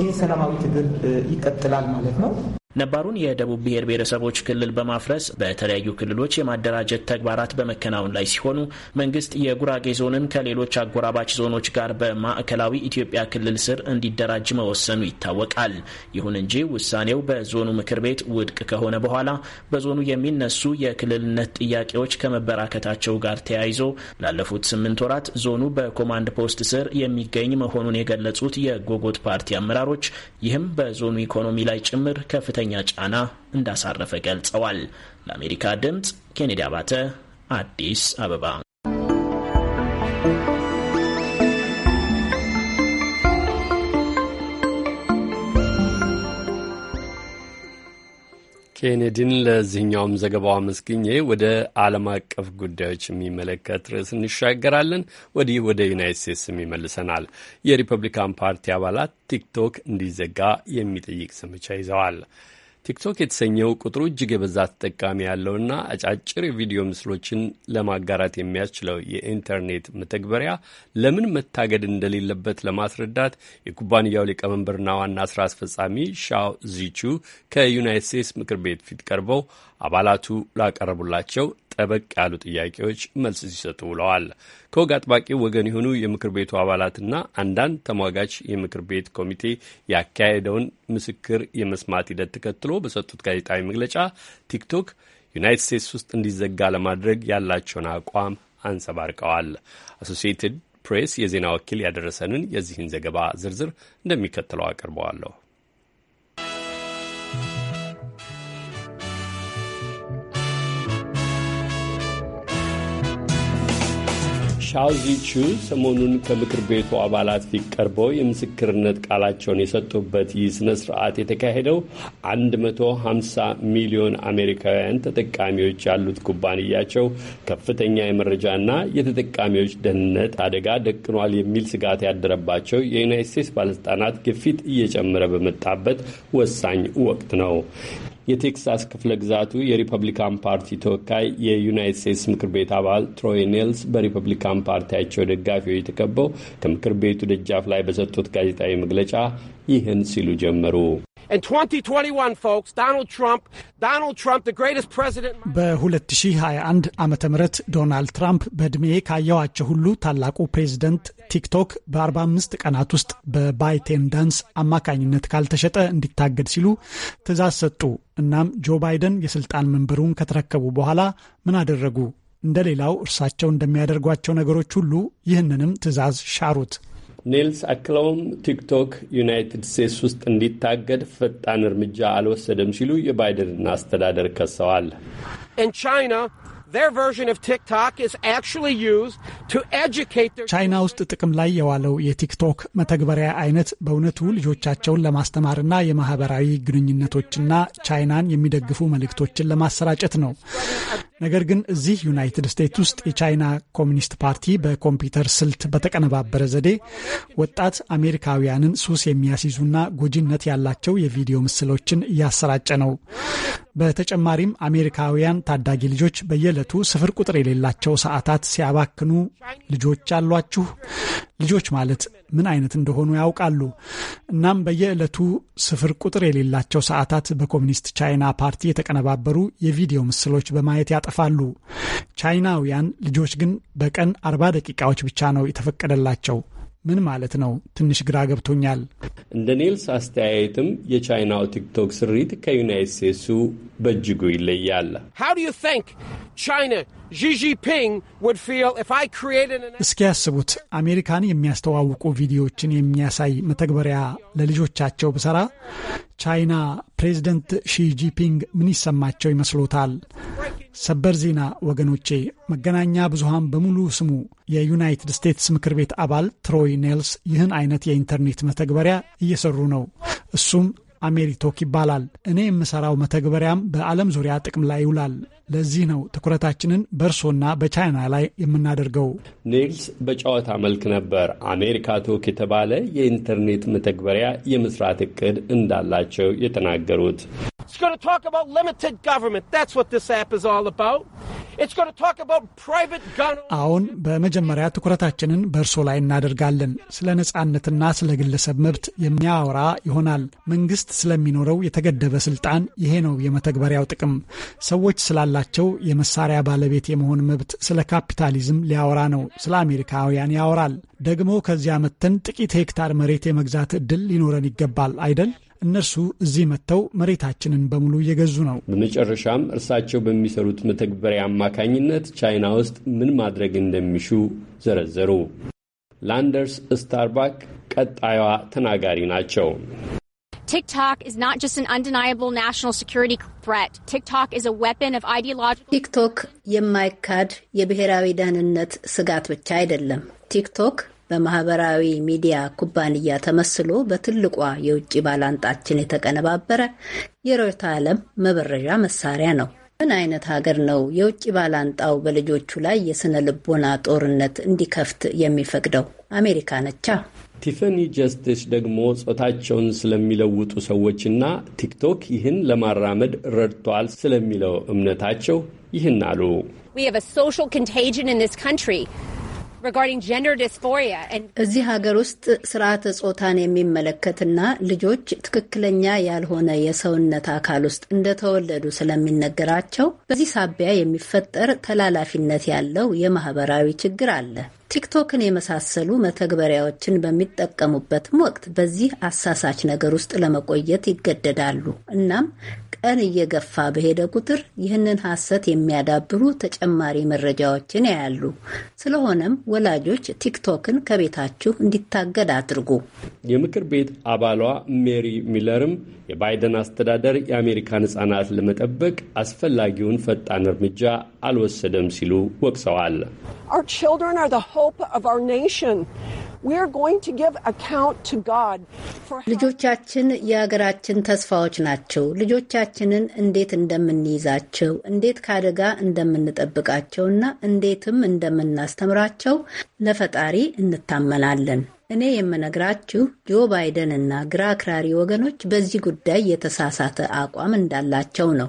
ይህ ሰላማዊ ትግል ይቀጥላል ማለት ነው። ነባሩን የደቡብ ብሔር ብሔረሰቦች ክልል በማፍረስ በተለያዩ ክልሎች የማደራጀት ተግባራት በመከናወን ላይ ሲሆኑ መንግስት የጉራጌ ዞንን ከሌሎች አጎራባች ዞኖች ጋር በማዕከላዊ ኢትዮጵያ ክልል ስር እንዲደራጅ መወሰኑ ይታወቃል። ይሁን እንጂ ውሳኔው በዞኑ ምክር ቤት ውድቅ ከሆነ በኋላ በዞኑ የሚነሱ የክልልነት ጥያቄዎች ከመበራከታቸው ጋር ተያይዞ ላለፉት ስምንት ወራት ዞኑ በኮማንድ ፖስት ስር የሚገኝ መሆኑን የገለጹት የጎጎት ፓርቲ አመራሮች ይህም በዞኑ ኢኮኖሚ ላይ ጭምር ከፍተ ከፍተኛ ጫና እንዳሳረፈ ገልጸዋል። ለአሜሪካ ድምፅ ኬኔዲ አባተ አዲስ አበባ ኬኔዲን ለዚህኛውም ዘገባው አመስግኜ ወደ ዓለም አቀፍ ጉዳዮች የሚመለከት ርዕስ እንሻገራለን። ወዲህ ወደ ዩናይት ስቴትስም ይመልሰናል። የሪፐብሊካን ፓርቲ አባላት ቲክቶክ እንዲዘጋ የሚጠይቅ ዘመቻ ይዘዋል። ቲክቶክ የተሰኘው ቁጥሩ እጅግ የበዛ ተጠቃሚ ያለውና አጫጭር የቪዲዮ ምስሎችን ለማጋራት የሚያስችለው የኢንተርኔት መተግበሪያ ለምን መታገድ እንደሌለበት ለማስረዳት የኩባንያው ሊቀመንበርና ዋና ስራ አስፈጻሚ ሻው ዚቹ ከዩናይት ስቴትስ ምክር ቤት ፊት ቀርበው አባላቱ ላቀረቡላቸው ጠበቅ ያሉ ጥያቄዎች መልስ ሲሰጡ ውለዋል። ከወግ አጥባቂ ወገን የሆኑ የምክር ቤቱ አባላትና አንዳንድ ተሟጋች የምክር ቤት ኮሚቴ ያካሄደውን ምስክር የመስማት ሂደት ተከትሎ በሰጡት ጋዜጣዊ መግለጫ ቲክቶክ ዩናይትድ ስቴትስ ውስጥ እንዲዘጋ ለማድረግ ያላቸውን አቋም አንጸባርቀዋል። አሶሲየትድ ፕሬስ የዜና ወኪል ያደረሰንን የዚህን ዘገባ ዝርዝር እንደሚከተለው አቅርበዋለሁ። ሻውዚ ቹ ሰሞኑን ከምክር ቤቱ አባላት ፊት ቀርበው የምስክርነት ቃላቸውን የሰጡበት ይህ ስነ ስርዓት የተካሄደው 150 ሚሊዮን አሜሪካውያን ተጠቃሚዎች ያሉት ኩባንያቸው ከፍተኛ የመረጃና የተጠቃሚዎች ደህንነት አደጋ ደቅኗል የሚል ስጋት ያደረባቸው የዩናይት ስቴትስ ባለስልጣናት ግፊት እየጨመረ በመጣበት ወሳኝ ወቅት ነው። የቴክሳስ ክፍለ ግዛቱ የሪፐብሊካን ፓርቲ ተወካይ የዩናይት ስቴትስ ምክር ቤት አባል ትሮይ ኔልስ በሪፐብሊካን ፓርቲያቸው ደጋፊዎች ተከበው ከምክር ቤቱ ደጃፍ ላይ በሰጡት ጋዜጣዊ መግለጫ ይህን ሲሉ ጀመሩ። በ2021 ዓ ም ዶናልድ ትራምፕ በዕድሜ ካየዋቸው ሁሉ ታላቁ ፕሬዚደንት ቲክቶክ በ45 ቀናት ውስጥ ዳንስ አማካኝነት ካልተሸጠ እንዲታገድ ሲሉ ትእዛዝ ሰጡ። እናም ጆ ባይደን የስልጣን መንበሩን ከተረከቡ በኋላ ምን አደረጉ? እንደሌላው እርሳቸው እንደሚያደርጓቸው ነገሮች ሁሉ ይህንንም ትዕዛዝ ሻሩት። ኔልስ አክለውም ቲክቶክ ዩናይትድ ስቴትስ ውስጥ እንዲታገድ ፈጣን እርምጃ አልወሰደም ሲሉ የባይደንን አስተዳደር ከሰዋል። ቻይና ውስጥ ጥቅም ላይ የዋለው የቲክቶክ መተግበሪያ አይነት በእውነቱ ልጆቻቸውን ለማስተማርና የማህበራዊ ግንኙነቶችና ቻይናን የሚደግፉ መልእክቶችን ለማሰራጨት ነው። ነገር ግን እዚህ ዩናይትድ ስቴትስ ውስጥ የቻይና ኮሚኒስት ፓርቲ በኮምፒውተር ስልት በተቀነባበረ ዘዴ ወጣት አሜሪካውያንን ሱስ የሚያስይዙና ጎጂነት ያላቸው የቪዲዮ ምስሎችን እያሰራጨ ነው። በተጨማሪም አሜሪካውያን ታዳጊ ልጆች በየዕለቱ ስፍር ቁጥር የሌላቸው ሰዓታት ሲያባክኑ ልጆች አሏችሁ ልጆች ማለት ምን አይነት እንደሆኑ ያውቃሉ። እናም በየዕለቱ ስፍር ቁጥር የሌላቸው ሰዓታት በኮሚኒስት ቻይና ፓርቲ የተቀነባበሩ የቪዲዮ ምስሎች በማየት ያጠፋሉ። ቻይናውያን ልጆች ግን በቀን አርባ ደቂቃዎች ብቻ ነው የተፈቀደላቸው። ምን ማለት ነው? ትንሽ ግራ ገብቶኛል። እንደ ኔልስ አስተያየትም የቻይናው ቲክቶክ ስሪት ከዩናይት ስቴትሱ በእጅጉ ይለያል። እስኪያስቡት አሜሪካን የሚያስተዋውቁ ቪዲዮዎችን የሚያሳይ መተግበሪያ ለልጆቻቸው ብሰራ ቻይና ፕሬዝደንት ሺጂፒንግ ምን ይሰማቸው ይመስሎታል? ሰበር ዜና ወገኖቼ፣ መገናኛ ብዙሃን በሙሉ ስሙ። የዩናይትድ ስቴትስ ምክር ቤት አባል ትሮይ ኔልስ ይህን አይነት የኢንተርኔት መተግበሪያ እየሰሩ ነው። እሱም አሜሪቶክ ይባላል። እኔ የምሰራው መተግበሪያም በዓለም ዙሪያ ጥቅም ላይ ይውላል። ለዚህ ነው ትኩረታችንን በእርሶና በቻይና ላይ የምናደርገው። ኔልስ በጨዋታ መልክ ነበር አሜሪካ ቶክ የተባለ የኢንተርኔት መተግበሪያ የመስራት እቅድ እንዳላቸው የተናገሩት። It's going to talk about limited government. That's what this app is all about. It's going to talk about private gun. አሁን በመጀመሪያ ትኩረታችንን በእርሶ ላይ እናደርጋለን። ስለ ነጻነትና ስለ ግለሰብ መብት የሚያወራ ይሆናል። መንግስት ስለሚኖረው የተገደበ ስልጣን ይሄ ነው የመተግበሪያው ጥቅም። ሰዎች ስላላቸው የመሳሪያ ባለቤት የመሆን መብት፣ ስለ ካፒታሊዝም ሊያወራ ነው። ስለ አሜሪካውያን ያወራል። ደግሞ ከዚያ መተን ጥቂት ሄክታር መሬት የመግዛት ዕድል ሊኖረን ይገባል አይደል? እነርሱ እዚህ መጥተው መሬታችንን በሙሉ እየገዙ ነው። በመጨረሻም እርሳቸው በሚሰሩት መተግበሪያ አማካኝነት ቻይና ውስጥ ምን ማድረግ እንደሚሹ ዘረዘሩ። ላንደርስ ስታርባክ ቀጣዩዋ ተናጋሪ ናቸው። ቲክቶክ የማይካድ የብሔራዊ ደህንነት ስጋት ብቻ አይደለም። ቲክቶክ በማህበራዊ ሚዲያ ኩባንያ ተመስሎ በትልቋ የውጭ ባላንጣችን የተቀነባበረ የርዕዮተ ዓለም መበረዣ መሳሪያ ነው። ምን አይነት ሀገር ነው የውጭ ባላንጣው በልጆቹ ላይ የስነ ልቦና ጦርነት እንዲከፍት የሚፈቅደው? አሜሪካ ነቻ። ቲፈኒ ጀስቲስ ደግሞ ጾታቸውን ስለሚለውጡ ሰዎችና ቲክቶክ ይህን ለማራመድ ረድቷል ስለሚለው እምነታቸው ይህን አሉ። We have a social contagion in this country እዚህ ሀገር ውስጥ ስርዓተ ጾታን የሚመለከትና ልጆች ትክክለኛ ያልሆነ የሰውነት አካል ውስጥ እንደተወለዱ ስለሚነገራቸው በዚህ ሳቢያ የሚፈጠር ተላላፊነት ያለው የማህበራዊ ችግር አለ። ቲክቶክን የመሳሰሉ መተግበሪያዎችን በሚጠቀሙበትም ወቅት በዚህ አሳሳች ነገር ውስጥ ለመቆየት ይገደዳሉ። እናም ቀን እየገፋ በሄደ ቁጥር ይህንን ሐሰት የሚያዳብሩ ተጨማሪ መረጃዎችን ያያሉ። ስለሆነም ወላጆች ቲክቶክን ከቤታችሁ እንዲታገድ አድርጉ። የምክር ቤት አባሏ ሜሪ ሚለርም የባይደን አስተዳደር የአሜሪካን ሕጻናት ለመጠበቅ አስፈላጊውን ፈጣን እርምጃ አልወሰደም ሲሉ ወቅሰዋል። ልጆቻችን የሀገራችን ተስፋዎች ናቸው። ልጆቻችንን እንዴት እንደምንይዛቸው፣ እንዴት ከአደጋ እንደምንጠብቃቸውና እንዴትም እንደምናስተምራቸው ለፈጣሪ እንታመናለን። እኔ የምነግራችሁ ጆ ባይደን እና ግራ አክራሪ ወገኖች በዚህ ጉዳይ የተሳሳተ አቋም እንዳላቸው ነው።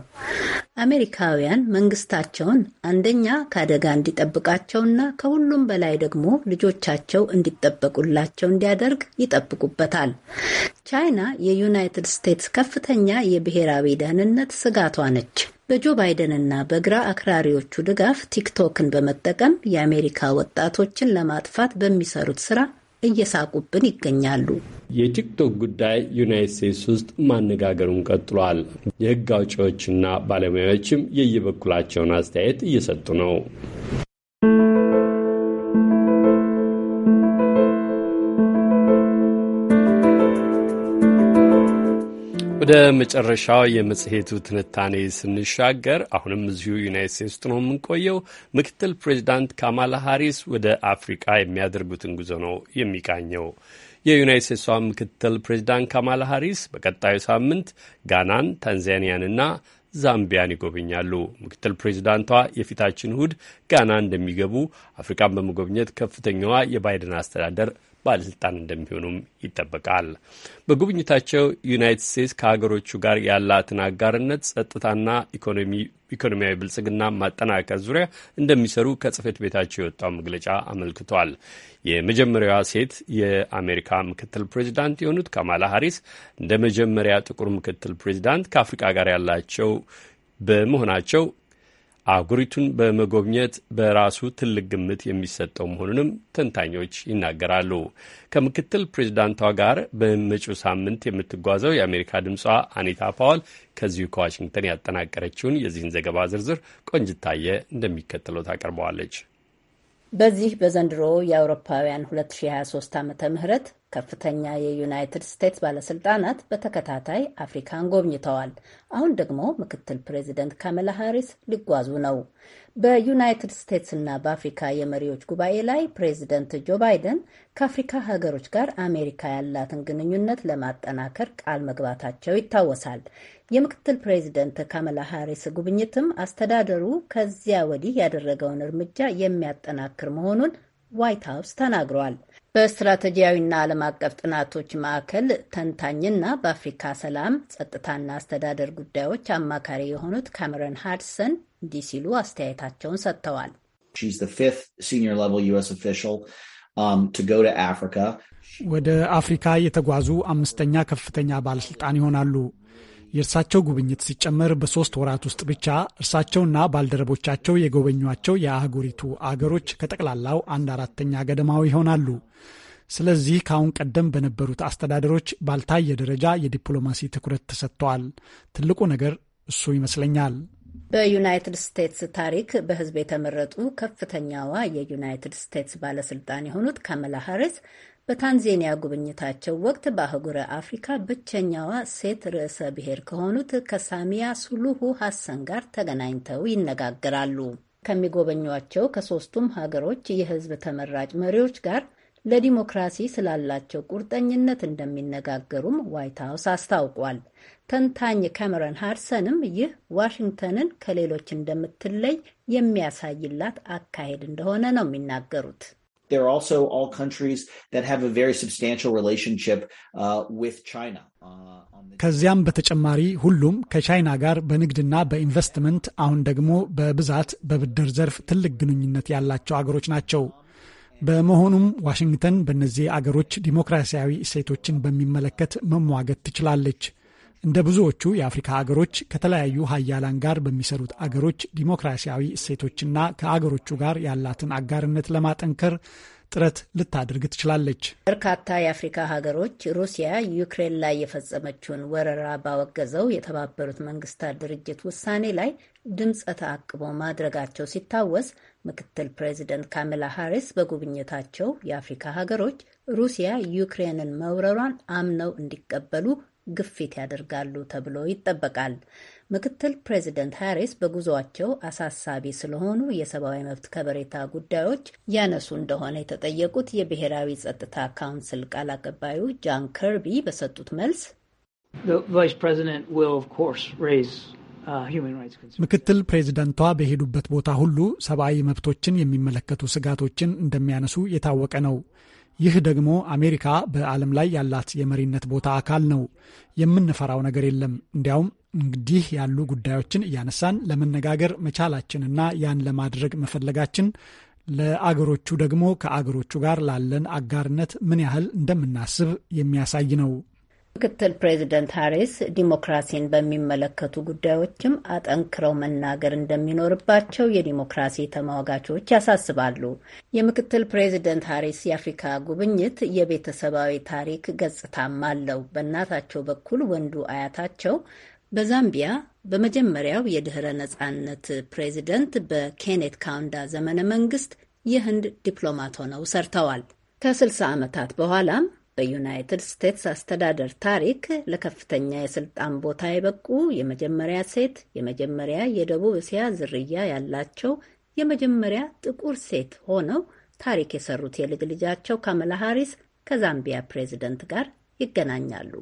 አሜሪካውያን መንግስታቸውን አንደኛ ከአደጋ እንዲጠብቃቸውና ከሁሉም በላይ ደግሞ ልጆቻቸው እንዲጠበቁላቸው እንዲያደርግ ይጠብቁበታል። ቻይና የዩናይትድ ስቴትስ ከፍተኛ የብሔራዊ ደህንነት ስጋቷ ነች። በጆ ባይደንና በግራ አክራሪዎቹ ድጋፍ ቲክቶክን በመጠቀም የአሜሪካ ወጣቶችን ለማጥፋት በሚሰሩት ስራ እየሳቁብን ይገኛሉ። የቲክቶክ ጉዳይ ዩናይት ስቴትስ ውስጥ ማነጋገሩን ቀጥሏል። የህግ አውጪዎችና ባለሙያዎችም የየበኩላቸውን አስተያየት እየሰጡ ነው። ወደ መጨረሻው የመጽሔቱ ትንታኔ ስንሻገር አሁንም እዚሁ ዩናይት ስቴትስ ውስጥ ነው የምንቆየው። ምክትል ፕሬዚዳንት ካማላ ሃሪስ ወደ አፍሪቃ የሚያደርጉትን ጉዞ ነው የሚቃኘው። የዩናይት ስቴትሷ ምክትል ፕሬዚዳንት ካማላ ሃሪስ በቀጣዩ ሳምንት ጋናን፣ ታንዛኒያንና ዛምቢያን ይጎበኛሉ። ምክትል ፕሬዚዳንቷ የፊታችን እሁድ ጋና እንደሚገቡ አፍሪካን በመጎብኘት ከፍተኛዋ የባይደን አስተዳደር ባለሥልጣን እንደሚሆኑም ይጠበቃል። በጉብኝታቸው ዩናይትድ ስቴትስ ከሀገሮቹ ጋር ያላትን አጋርነት ጸጥታና ኢኮኖሚያዊ ብልጽግና ማጠናከር ዙሪያ እንደሚሰሩ ከጽህፈት ቤታቸው የወጣው መግለጫ አመልክቷል። የመጀመሪያዋ ሴት የአሜሪካ ምክትል ፕሬዚዳንት የሆኑት ካማላ ሀሪስ እንደ መጀመሪያ ጥቁር ምክትል ፕሬዚዳንት ከአፍሪቃ ጋር ያላቸው በመሆናቸው አህጉሪቱን በመጎብኘት በራሱ ትልቅ ግምት የሚሰጠው መሆኑንም ተንታኞች ይናገራሉ። ከምክትል ፕሬዚዳንቷ ጋር በመጪው ሳምንት የምትጓዘው የአሜሪካ ድምጿ አኒታ ፓዋል ከዚሁ ከዋሽንግተን ያጠናቀረችውን የዚህን ዘገባ ዝርዝር ቆንጅታየ እንደሚከተለው ታቀርበዋለች። በዚህ በዘንድሮ የአውሮፓውያን 2023 ዓ ምህረት ከፍተኛ የዩናይትድ ስቴትስ ባለስልጣናት በተከታታይ አፍሪካን ጎብኝተዋል። አሁን ደግሞ ምክትል ፕሬዚደንት ካመላ ሃሪስ ሊጓዙ ነው። በዩናይትድ ስቴትስ እና በአፍሪካ የመሪዎች ጉባኤ ላይ ፕሬዚደንት ጆ ባይደን ከአፍሪካ ሀገሮች ጋር አሜሪካ ያላትን ግንኙነት ለማጠናከር ቃል መግባታቸው ይታወሳል። የምክትል ፕሬዚደንት ካመላ ሃሪስ ጉብኝትም አስተዳደሩ ከዚያ ወዲህ ያደረገውን እርምጃ የሚያጠናክር መሆኑን ዋይት ሀውስ ተናግሯል። በስትራቴጂያዊና ዓለም አቀፍ ጥናቶች ማዕከል ተንታኝና በአፍሪካ ሰላም፣ ጸጥታና አስተዳደር ጉዳዮች አማካሪ የሆኑት ካሜሮን ሃድሰን እንዲህ ሲሉ አስተያየታቸውን ሰጥተዋል። um, ወደ አፍሪካ የተጓዙ አምስተኛ ከፍተኛ ባለስልጣን ይሆናሉ። የእርሳቸው ጉብኝት ሲጨመር በሶስት ወራት ውስጥ ብቻ እርሳቸውና ባልደረቦቻቸው የጎበኟቸው የአህጉሪቱ አገሮች ከጠቅላላው አንድ አራተኛ ገደማው ይሆናሉ። ስለዚህ ከአሁን ቀደም በነበሩት አስተዳደሮች ባልታየ ደረጃ የዲፕሎማሲ ትኩረት ተሰጥተዋል። ትልቁ ነገር እሱ ይመስለኛል። በዩናይትድ ስቴትስ ታሪክ በህዝብ የተመረጡ ከፍተኛዋ የዩናይትድ ስቴትስ ባለስልጣን የሆኑት ካመላ ሃሪስ በታንዜኒያ ጉብኝታቸው ወቅት በአህጉረ አፍሪካ ብቸኛዋ ሴት ርዕሰ ብሔር ከሆኑት ከሳሚያ ሱሉሁ ሐሰን ጋር ተገናኝተው ይነጋገራሉ። ከሚጎበኟቸው ከሦስቱም ሀገሮች የህዝብ ተመራጭ መሪዎች ጋር ለዲሞክራሲ ስላላቸው ቁርጠኝነት እንደሚነጋገሩም ዋይት ሀውስ አስታውቋል። ተንታኝ ካሜረን ሃርሰንም ይህ ዋሽንግተንን ከሌሎች እንደምትለይ የሚያሳይላት አካሄድ እንደሆነ ነው የሚናገሩት። They're also all countries that have a very substantial relationship uh, with China. Uh, ከዚያም በተጨማሪ ሁሉም ከቻይና ጋር በንግድና በኢንቨስትመንት አሁን ደግሞ በብዛት በብድር ዘርፍ ትልቅ ግንኙነት ያላቸው አገሮች ናቸው። በመሆኑም ዋሽንግተን በእነዚህ አገሮች ዲሞክራሲያዊ እሴቶችን በሚመለከት መሟገት ትችላለች። እንደ ብዙዎቹ የአፍሪካ ሀገሮች ከተለያዩ ሀያላን ጋር በሚሰሩት አገሮች ዲሞክራሲያዊ እሴቶችና ከአገሮቹ ጋር ያላትን አጋርነት ለማጠንከር ጥረት ልታደርግ ትችላለች። በርካታ የአፍሪካ ሀገሮች ሩሲያ ዩክሬን ላይ የፈጸመችውን ወረራ ባወገዘው የተባበሩት መንግስታት ድርጅት ውሳኔ ላይ ድምፀ ተአቅቦ ማድረጋቸው ሲታወስ ምክትል ፕሬዚደንት ካሜላ ሃሪስ በጉብኝታቸው የአፍሪካ ሀገሮች ሩሲያ ዩክሬንን መውረሯን አምነው እንዲቀበሉ ግፊት ያደርጋሉ ተብሎ ይጠበቃል። ምክትል ፕሬዚደንት ሃሪስ በጉዞአቸው አሳሳቢ ስለሆኑ የሰብአዊ መብት ከበሬታ ጉዳዮች ያነሱ እንደሆነ የተጠየቁት የብሔራዊ ጸጥታ ካውንስል ቃል አቀባዩ ጃን ከርቢ በሰጡት መልስ uh, ምክትል ፕሬዚደንቷ በሄዱበት ቦታ ሁሉ ሰብአዊ መብቶችን የሚመለከቱ ስጋቶችን እንደሚያነሱ የታወቀ ነው። ይህ ደግሞ አሜሪካ በዓለም ላይ ያላት የመሪነት ቦታ አካል ነው። የምንፈራው ነገር የለም። እንዲያውም እንዲህ ያሉ ጉዳዮችን እያነሳን ለመነጋገር መቻላችንና ያን ለማድረግ መፈለጋችን ለአገሮቹ ደግሞ ከአገሮቹ ጋር ላለን አጋርነት ምን ያህል እንደምናስብ የሚያሳይ ነው። ምክትል ፕሬዚደንት ሃሪስ ዲሞክራሲን በሚመለከቱ ጉዳዮችም አጠንክረው መናገር እንደሚኖርባቸው የዲሞክራሲ ተሟጋቾች ያሳስባሉ። የምክትል ፕሬዚደንት ሃሪስ የአፍሪካ ጉብኝት የቤተሰባዊ ታሪክ ገጽታም አለው። በእናታቸው በኩል ወንዱ አያታቸው በዛምቢያ በመጀመሪያው የድኅረ ነጻነት ፕሬዚደንት በኬኔት ካውንዳ ዘመነ መንግስት የህንድ ዲፕሎማት ሆነው ሰርተዋል። ከ60 ዓመታት በኋላም በዩናይትድ ስቴትስ አስተዳደር ታሪክ ለከፍተኛ የስልጣን ቦታ የበቁ የመጀመሪያ ሴት፣ የመጀመሪያ የደቡብ እስያ ዝርያ ያላቸው የመጀመሪያ ጥቁር ሴት ሆነው ታሪክ የሰሩት የልጅ ልጃቸው ካመላ ሃሪስ ከዛምቢያ ፕሬዚደንት ጋር ይገናኛሉ።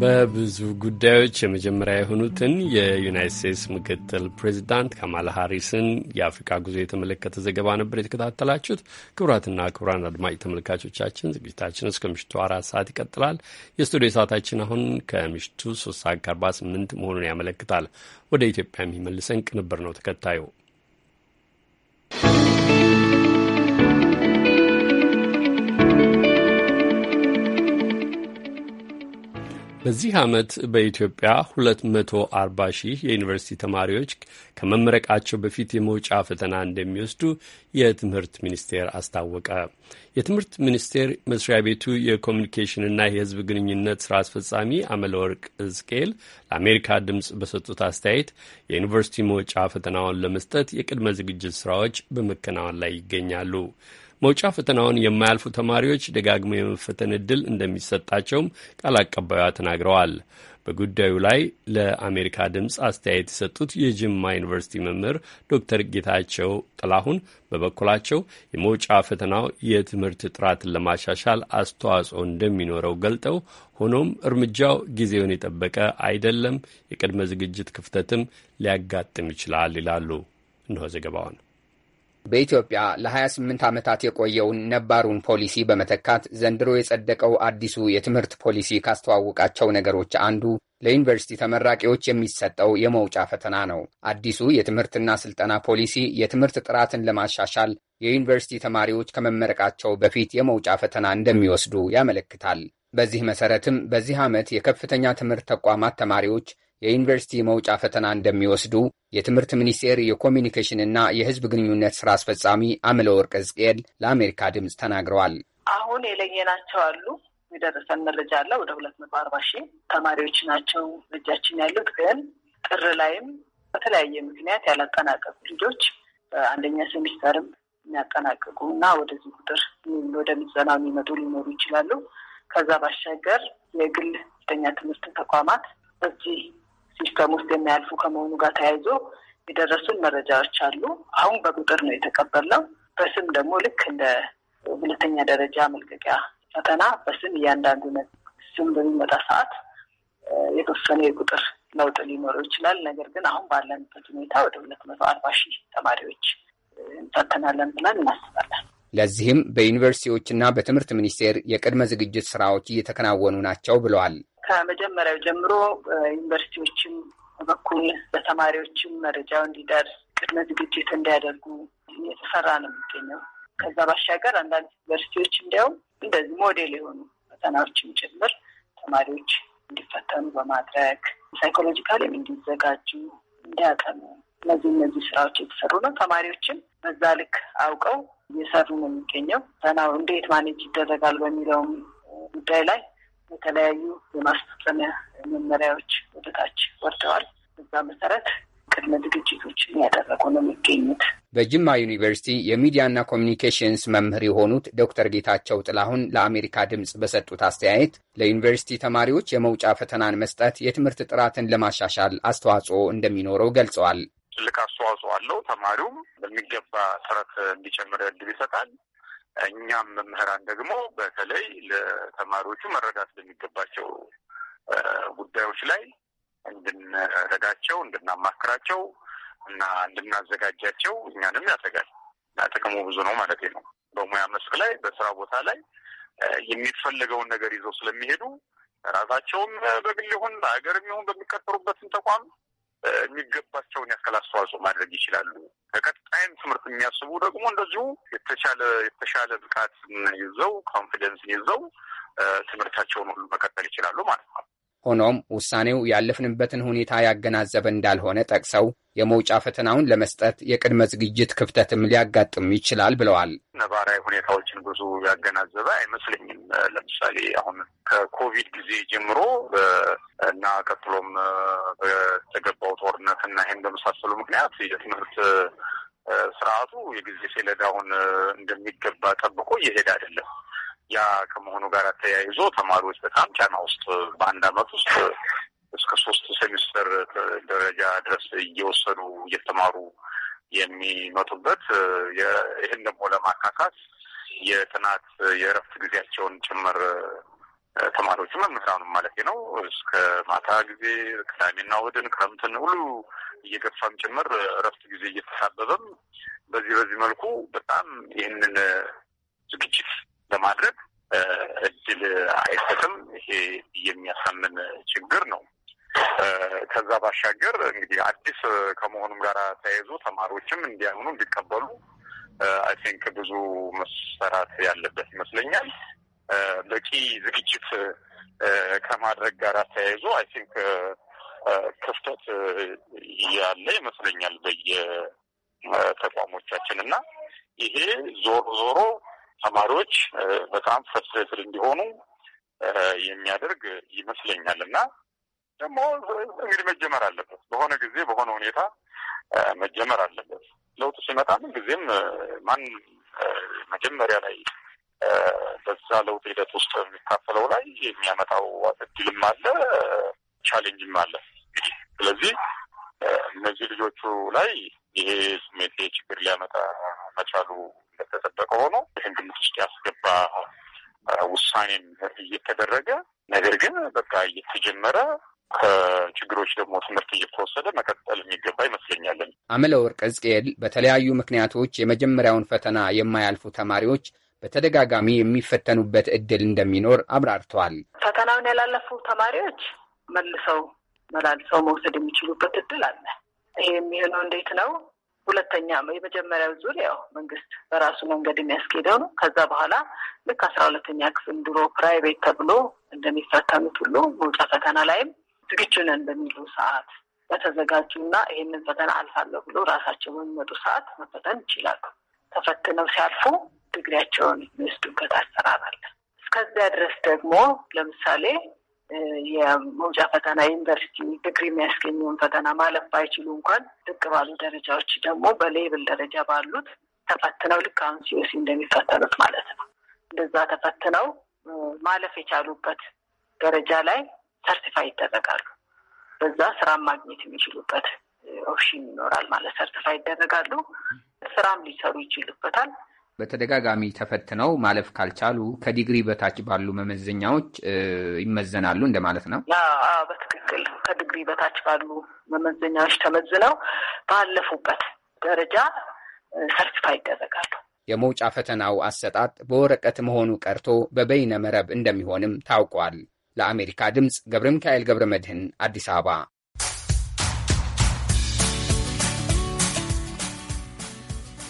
በብዙ ጉዳዮች የመጀመሪያ የሆኑትን የዩናይት ስቴትስ ምክትል ፕሬዚዳንት ካማላ ሃሪስን የአፍሪካ ጉዞ የተመለከተ ዘገባ ነበር የተከታተላችሁት። ክቡራትና ክቡራን አድማጭ ተመልካቾቻችን ዝግጅታችን እስከ ምሽቱ አራት ሰዓት ይቀጥላል። የስቱዲዮ ሰዓታችን አሁን ከምሽቱ ሶስት ሰዓት ከአርባ ስምንት መሆኑን ያመለክታል። ወደ ኢትዮጵያ የሚመልሰን ቅንብር ነው ተከታዩ በዚህ ዓመት በኢትዮጵያ 240 ሺህ የዩኒቨርሲቲ ተማሪዎች ከመመረቃቸው በፊት የመውጫ ፈተና እንደሚወስዱ የትምህርት ሚኒስቴር አስታወቀ። የትምህርት ሚኒስቴር መስሪያ ቤቱ የኮሚኒኬሽንና የሕዝብ ግንኙነት ስራ አስፈጻሚ አመለወርቅ እዝቅኤል ለአሜሪካ ድምፅ በሰጡት አስተያየት የዩኒቨርሲቲ መውጫ ፈተናውን ለመስጠት የቅድመ ዝግጅት ስራዎች በመከናወን ላይ ይገኛሉ። መውጫ ፈተናውን የማያልፉ ተማሪዎች ደጋግሞ የመፈተን እድል እንደሚሰጣቸውም ቃል አቀባዩዋ ተናግረዋል። በጉዳዩ ላይ ለአሜሪካ ድምፅ አስተያየት የሰጡት የጅማ ዩኒቨርሲቲ መምህር ዶክተር ጌታቸው ጥላሁን በበኩላቸው የመውጫ ፈተናው የትምህርት ጥራትን ለማሻሻል አስተዋጽኦ እንደሚኖረው ገልጠው፣ ሆኖም እርምጃው ጊዜውን የጠበቀ አይደለም፣ የቅድመ ዝግጅት ክፍተትም ሊያጋጥም ይችላል ይላሉ። እንሆ ዘገባውን በኢትዮጵያ ለ28 ዓመታት የቆየውን ነባሩን ፖሊሲ በመተካት ዘንድሮ የጸደቀው አዲሱ የትምህርት ፖሊሲ ካስተዋወቃቸው ነገሮች አንዱ ለዩኒቨርሲቲ ተመራቂዎች የሚሰጠው የመውጫ ፈተና ነው። አዲሱ የትምህርትና ስልጠና ፖሊሲ የትምህርት ጥራትን ለማሻሻል የዩኒቨርሲቲ ተማሪዎች ከመመረቃቸው በፊት የመውጫ ፈተና እንደሚወስዱ ያመለክታል። በዚህ መሰረትም በዚህ ዓመት የከፍተኛ ትምህርት ተቋማት ተማሪዎች የዩኒቨርሲቲ መውጫ ፈተና እንደሚወስዱ የትምህርት ሚኒስቴር የኮሚኒኬሽንና የሕዝብ ግንኙነት ስራ አስፈጻሚ አምለ ወርቅ ዝቅኤል ለአሜሪካ ድምፅ ተናግረዋል። አሁን የለየናቸው አሉ። የደረሰን መረጃ አለ። ወደ ሁለት መቶ አርባ ሺህ ተማሪዎች ናቸው ልጃችን ያሉት ግን ጥር ላይም በተለያየ ምክንያት ያላጠናቀቁ ልጆች አንደኛ ሴሚስተርም የሚያጠናቅቁ እና ወደዚህ ቁጥር ወደ ምዘና የሚመጡ ሊኖሩ ይችላሉ። ከዛ ባሻገር የግል ከፍተኛ ትምህርት ተቋማት በዚህ ሲስተም ውስጥ የሚያልፉ ከመሆኑ ጋር ተያይዞ የደረሱን መረጃዎች አሉ። አሁን በቁጥር ነው የተቀበልነው። በስም ደግሞ ልክ እንደ ሁለተኛ ደረጃ መልቀቂያ ፈተና በስም እያንዳንዱ ስም በሚመጣ ሰዓት የተወሰነ የቁጥር ለውጥ ሊኖረው ይችላል። ነገር ግን አሁን ባለንበት ሁኔታ ወደ ሁለት መቶ አርባ ሺህ ተማሪዎች እንፈተናለን ብለን እናስባለን። ለዚህም በዩኒቨርሲቲዎችና በትምህርት ሚኒስቴር የቅድመ ዝግጅት ስራዎች እየተከናወኑ ናቸው ብለዋል ከመጀመሪያው ጀምሮ ዩኒቨርሲቲዎችም በኩል በተማሪዎችም መረጃው እንዲደርስ ቅድመ ዝግጅት እንዲያደርጉ እየተሰራ ነው የሚገኘው። ከዛ ባሻገር አንዳንድ ዩኒቨርሲቲዎች እንዲያውም እንደዚህ ሞዴል የሆኑ ፈተናዎችም ጭምር ተማሪዎች እንዲፈተኑ በማድረግ ሳይኮሎጂካሊም እንዲዘጋጁ እንዲያጠኑ እነዚህ እነዚህ ስራዎች የተሰሩ ነው። ተማሪዎችም በዛ ልክ አውቀው እየሰሩ ነው የሚገኘው። ፈተናው እንዴት ማኔጅ ይደረጋል በሚለውም ጉዳይ ላይ የተለያዩ የማስፈጸሚያ መመሪያዎች ወደታች ወርደዋል። በዛ መሰረት ቅድመ ዝግጅቶችን ያደረጉ ነው የሚገኙት። በጅማ ዩኒቨርሲቲ የሚዲያና ኮሚኒኬሽንስ መምህር የሆኑት ዶክተር ጌታቸው ጥላሁን ለአሜሪካ ድምፅ በሰጡት አስተያየት ለዩኒቨርሲቲ ተማሪዎች የመውጫ ፈተናን መስጠት የትምህርት ጥራትን ለማሻሻል አስተዋጽኦ እንደሚኖረው ገልጸዋል። ትልቅ አስተዋጽኦ አለው። ተማሪውም በሚገባ ጥረት እንዲጨምር እድል ይሰጣል። እኛም መምህራን ደግሞ በተለይ ለተማሪዎቹ መረዳት በሚገባቸው ጉዳዮች ላይ እንድንረዳቸው፣ እንድናማክራቸው እና እንድናዘጋጃቸው እኛንም ያሰጋል እና ጥቅሙ ብዙ ነው ማለት ነው። በሙያ መስክ ላይ በስራ ቦታ ላይ የሚፈለገውን ነገር ይዘው ስለሚሄዱ ራሳቸውም በግል ይሁን በሀገርም ይሁን በሚቀጠሩበትን ተቋም የሚገባቸውን ያክል አስተዋጽኦ ማድረግ ይችላሉ። በቀጣይም ትምህርት የሚያስቡ ደግሞ እንደዚሁ የተሻለ የተሻለ ብቃት ይዘው ኮንፊደንስን ይዘው ትምህርታቸውን ሁሉ መቀጠል ይችላሉ ማለት ነው። ሆኖም ውሳኔው ያለፍንበትን ሁኔታ ያገናዘበ እንዳልሆነ ጠቅሰው የመውጫ ፈተናውን ለመስጠት የቅድመ ዝግጅት ክፍተትም ሊያጋጥም ይችላል ብለዋል። ነባራዊ ሁኔታዎችን ብዙ ያገናዘበ አይመስለኝም። ለምሳሌ አሁን ከኮቪድ ጊዜ ጀምሮ እና ቀጥሎም በተገባው ጦርነት እና ይህን በመሳሰሉ ምክንያት የትምህርት ስርዓቱ የጊዜ ሰሌዳውን እንደሚገባ ጠብቆ እየሄደ አይደለም። ያ ከመሆኑ ጋር ተያይዞ ተማሪዎች በጣም ጫና ውስጥ በአንድ አመት ውስጥ እስከ ሶስት ሴሚስተር ደረጃ ድረስ እየወሰዱ እየተማሩ የሚመጡበት ይህን ደግሞ ለማካካት የጥናት የእረፍት ጊዜያቸውን ጭምር ተማሪዎቹ መምህራኑ ማለት ነው እስከ ማታ ጊዜ ቅዳሜና እሑድን ክረምትን ሁሉ እየገፋም ጭምር እረፍት ጊዜ እየተሳበበም በዚህ በዚህ መልኩ በጣም ይህንን ዝግጅት ለማድረግ እድል አይሰጥም። ይሄ የሚያሳምን ችግር ነው። ከዛ ባሻገር እንግዲህ አዲስ ከመሆኑም ጋር ተያይዞ ተማሪዎችም እንዲያምኑ እንዲቀበሉ አይ ቲንክ ብዙ መሰራት ያለበት ይመስለኛል። በቂ ዝግጅት ከማድረግ ጋር ተያይዞ አይ ቲንክ ክፍተት ያለ ይመስለኛል በየተቋሞቻችን እና ይሄ ዞሮ ዞሮ ተማሪዎች በጣም ፍርስትር እንዲሆኑ የሚያደርግ ይመስለኛል። እና ደግሞ እንግዲህ መጀመር አለበት በሆነ ጊዜ በሆነ ሁኔታ መጀመር አለበት። ለውጡ ሲመጣ ምን ጊዜም ማን መጀመሪያ ላይ በዛ ለውጥ ሂደት ውስጥ የሚካፈለው ላይ የሚያመጣው እድልም አለ፣ ቻሌንጅም አለ። ስለዚህ እነዚህ ልጆቹ ላይ ይሄ ስሜት ችግር ሊያመጣ መቻሉ እንደተጠበቀ ሆኖ ውስጥ ያስገባ ውሳኔ እየተደረገ ነገር ግን በቃ እየተጀመረ ከችግሮች ደግሞ ትምህርት እየተወሰደ መቀጠል የሚገባ ይመስለኛለን። አምለ ወርቅ በተለያዩ ምክንያቶች የመጀመሪያውን ፈተና የማያልፉ ተማሪዎች በተደጋጋሚ የሚፈተኑበት እድል እንደሚኖር አብራርተዋል። ፈተናውን ያላለፉ ተማሪዎች መልሰው መላልሰው መውሰድ የሚችሉበት እድል አለ። ይሄ የሚሆነው እንዴት ነው? ሁለተኛ የመጀመሪያው ዙር ያው መንግስት በራሱ መንገድ የሚያስኬደው ነው። ከዛ በኋላ ልክ አስራ ሁለተኛ ክፍል ድሮ ፕራይቬት ተብሎ እንደሚፈተኑት ሁሉ መውጫ ፈተና ላይም ዝግጁ ነን በሚሉ ሰዓት በተዘጋጁ እና ይህንን ፈተና አልፋለሁ ብሎ ራሳቸው በሚመጡ ሰዓት መፈተን ይችላሉ። ተፈትነው ሲያልፉ ድግሪያቸውን የሚወስዱበት አሰራር አለ። እስከዚያ ድረስ ደግሞ ለምሳሌ የመውጫ ፈተና ዩኒቨርሲቲ ድግሪ የሚያስገኘውን ፈተና ማለፍ ባይችሉ እንኳን ዝቅ ባሉ ደረጃዎች ደግሞ በሌብል ደረጃ ባሉት ተፈትነው ልክ አሁን ሲኦሲ እንደሚፈተኑት ማለት ነው። እንደዛ ተፈትነው ማለፍ የቻሉበት ደረጃ ላይ ሰርቲፋይ ይደረጋሉ። በዛ ስራም ማግኘት የሚችሉበት ኦፕሽን ይኖራል ማለት ሰርቲፋይ ይደረጋሉ። ስራም ሊሰሩ ይችሉበታል። በተደጋጋሚ ተፈትነው ማለፍ ካልቻሉ ከዲግሪ በታች ባሉ መመዘኛዎች ይመዘናሉ እንደማለት ነው። በትክክል ከዲግሪ በታች ባሉ መመዘኛዎች ተመዝነው ባለፉበት ደረጃ ሰርቲፋ ይደረጋሉ። የመውጫ ፈተናው አሰጣጥ በወረቀት መሆኑ ቀርቶ በበይነ መረብ እንደሚሆንም ታውቋል። ለአሜሪካ ድምፅ ገብረ ሚካኤል ገብረ መድህን አዲስ አበባ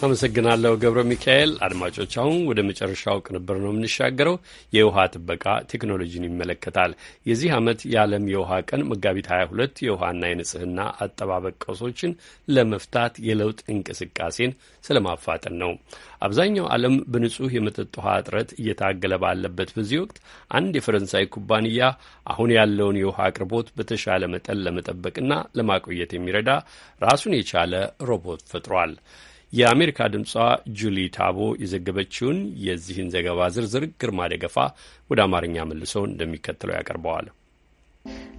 አመሰግናለሁ ገብረ ሚካኤል። አድማጮች አሁን ወደ መጨረሻው ቅንብር ነው የምንሻገረው። የውሃ ጥበቃ ቴክኖሎጂን ይመለከታል። የዚህ ዓመት የዓለም የውሃ ቀን መጋቢት 22 የውሃና የንጽህና አጠባበቅ ቀውሶችን ለመፍታት የለውጥ እንቅስቃሴን ስለማፋጠን ነው። አብዛኛው ዓለም በንጹህ የመጠጥ ውሃ እጥረት እየታገለ ባለበት በዚህ ወቅት አንድ የፈረንሳይ ኩባንያ አሁን ያለውን የውሃ አቅርቦት በተሻለ መጠን ለመጠበቅና ለማቆየት የሚረዳ ራሱን የቻለ ሮቦት ፈጥሯል። የአሜሪካ ድምጿ ጁሊ ታቦ የዘገበችውን የዚህን ዘገባ ዝርዝር ግርማ ደገፋ ወደ አማርኛ መልሶ እንደሚከተለው ያቀርበዋል።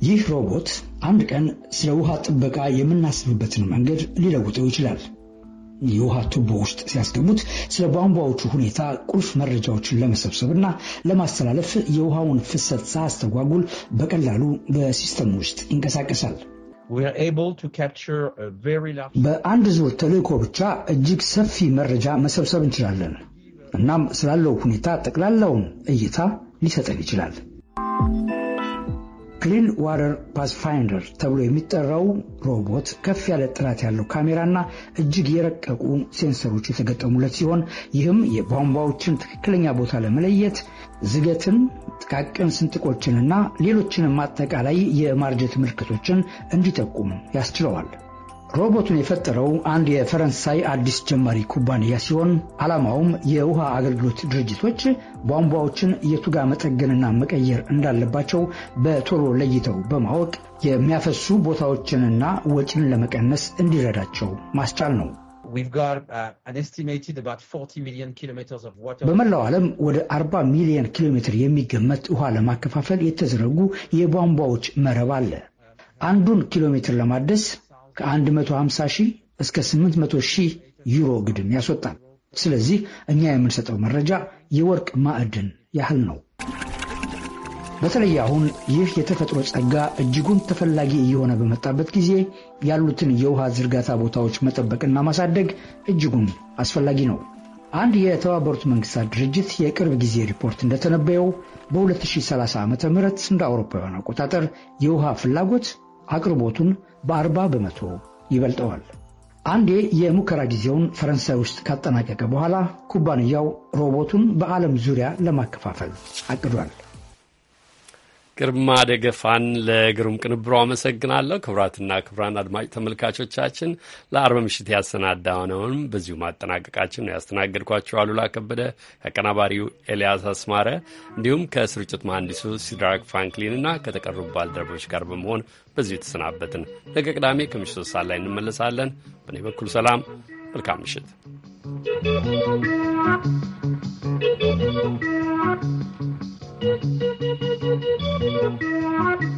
ይህ ሮቦት አንድ ቀን ስለ ውሃ ጥበቃ የምናስብበትን መንገድ ሊለውጠው ይችላል። የውሃ ቱቦ ውስጥ ሲያስገቡት ስለ ቧንቧዎቹ ሁኔታ ቁልፍ መረጃዎችን ለመሰብሰብና ለማስተላለፍ የውሃውን ፍሰት ሳያስተጓጉል በቀላሉ በሲስተም ውስጥ ይንቀሳቀሳል። በአንድ ዙር ተልእኮ ብቻ እጅግ ሰፊ መረጃ መሰብሰብ እንችላለን። እናም ስላለው ሁኔታ ጠቅላላውን እይታ ሊሰጠን ይችላል። ክሊን ዋተር ፓስፋይንደር ተብሎ የሚጠራው ሮቦት ከፍ ያለ ጥራት ያለው ካሜራና እጅግ የረቀቁ ሴንሰሮች የተገጠሙለት ሲሆን ይህም የቧንቧዎችን ትክክለኛ ቦታ ለመለየት ዝገትን፣ ጥቃቅን ስንጥቆችንና ሌሎችንም አጠቃላይ የማርጀት ምልክቶችን እንዲጠቁም ያስችለዋል። ሮቦቱን የፈጠረው አንድ የፈረንሳይ አዲስ ጀማሪ ኩባንያ ሲሆን ዓላማውም የውሃ አገልግሎት ድርጅቶች ቧንቧዎችን የቱጋ መጠገንና መቀየር እንዳለባቸው በቶሎ ለይተው በማወቅ የሚያፈሱ ቦታዎችንና ወጪን ለመቀነስ እንዲረዳቸው ማስቻል ነው። uh, በመላው ዓለም ወደ 40 ሚሊዮን ኪሎ ሜትር የሚገመት ውሃ ለማከፋፈል የተዘረጉ የቧንቧዎች መረብ አለ። አንዱን ኪሎ ሜትር ለማደስ ከ150 ሺህ እስከ 800 ሺህ ዩሮ ግድም ያስወጣል። ስለዚህ እኛ የምንሰጠው መረጃ የወርቅ ማዕድን ያህል ነው። በተለይ አሁን ይህ የተፈጥሮ ጸጋ እጅጉን ተፈላጊ እየሆነ በመጣበት ጊዜ ያሉትን የውሃ ዝርጋታ ቦታዎች መጠበቅና ማሳደግ እጅጉን አስፈላጊ ነው። አንድ የተባበሩት መንግስታት ድርጅት የቅርብ ጊዜ ሪፖርት እንደተነበየው በ2030 ዓ ም እንደ አውሮፓውያን አቆጣጠር የውሃ ፍላጎት አቅርቦቱን በአርባ በመቶ ይበልጠዋል። አንዴ የሙከራ ጊዜውን ፈረንሳይ ውስጥ ካጠናቀቀ በኋላ ኩባንያው ሮቦቱን በዓለም ዙሪያ ለማከፋፈል አቅዷል። ግርማ ደገፋን ለግሩም ቅንብሮ አመሰግናለሁ። ክቡራትና ክቡራን አድማጭ ተመልካቾቻችን ለአርብ ምሽት ያሰናዳነውን በዚሁ ማጠናቀቃችን ነው። ያስተናገድኳቸው አሉላ ከበደ ከአቀናባሪው ኤልያስ አስማረ እንዲሁም ከስርጭት መሐንዲሱ ሲድራክ ፍራንክሊን እና ከተቀሩ ባልደረቦች ጋር በመሆን በዚሁ የተሰናበትን። ነገ ቅዳሜ ከምሽት ሶስት ሰዓት ላይ እንመለሳለን። በእኔ በኩል ሰላም፣ መልካም ምሽት። Thank you. Haa?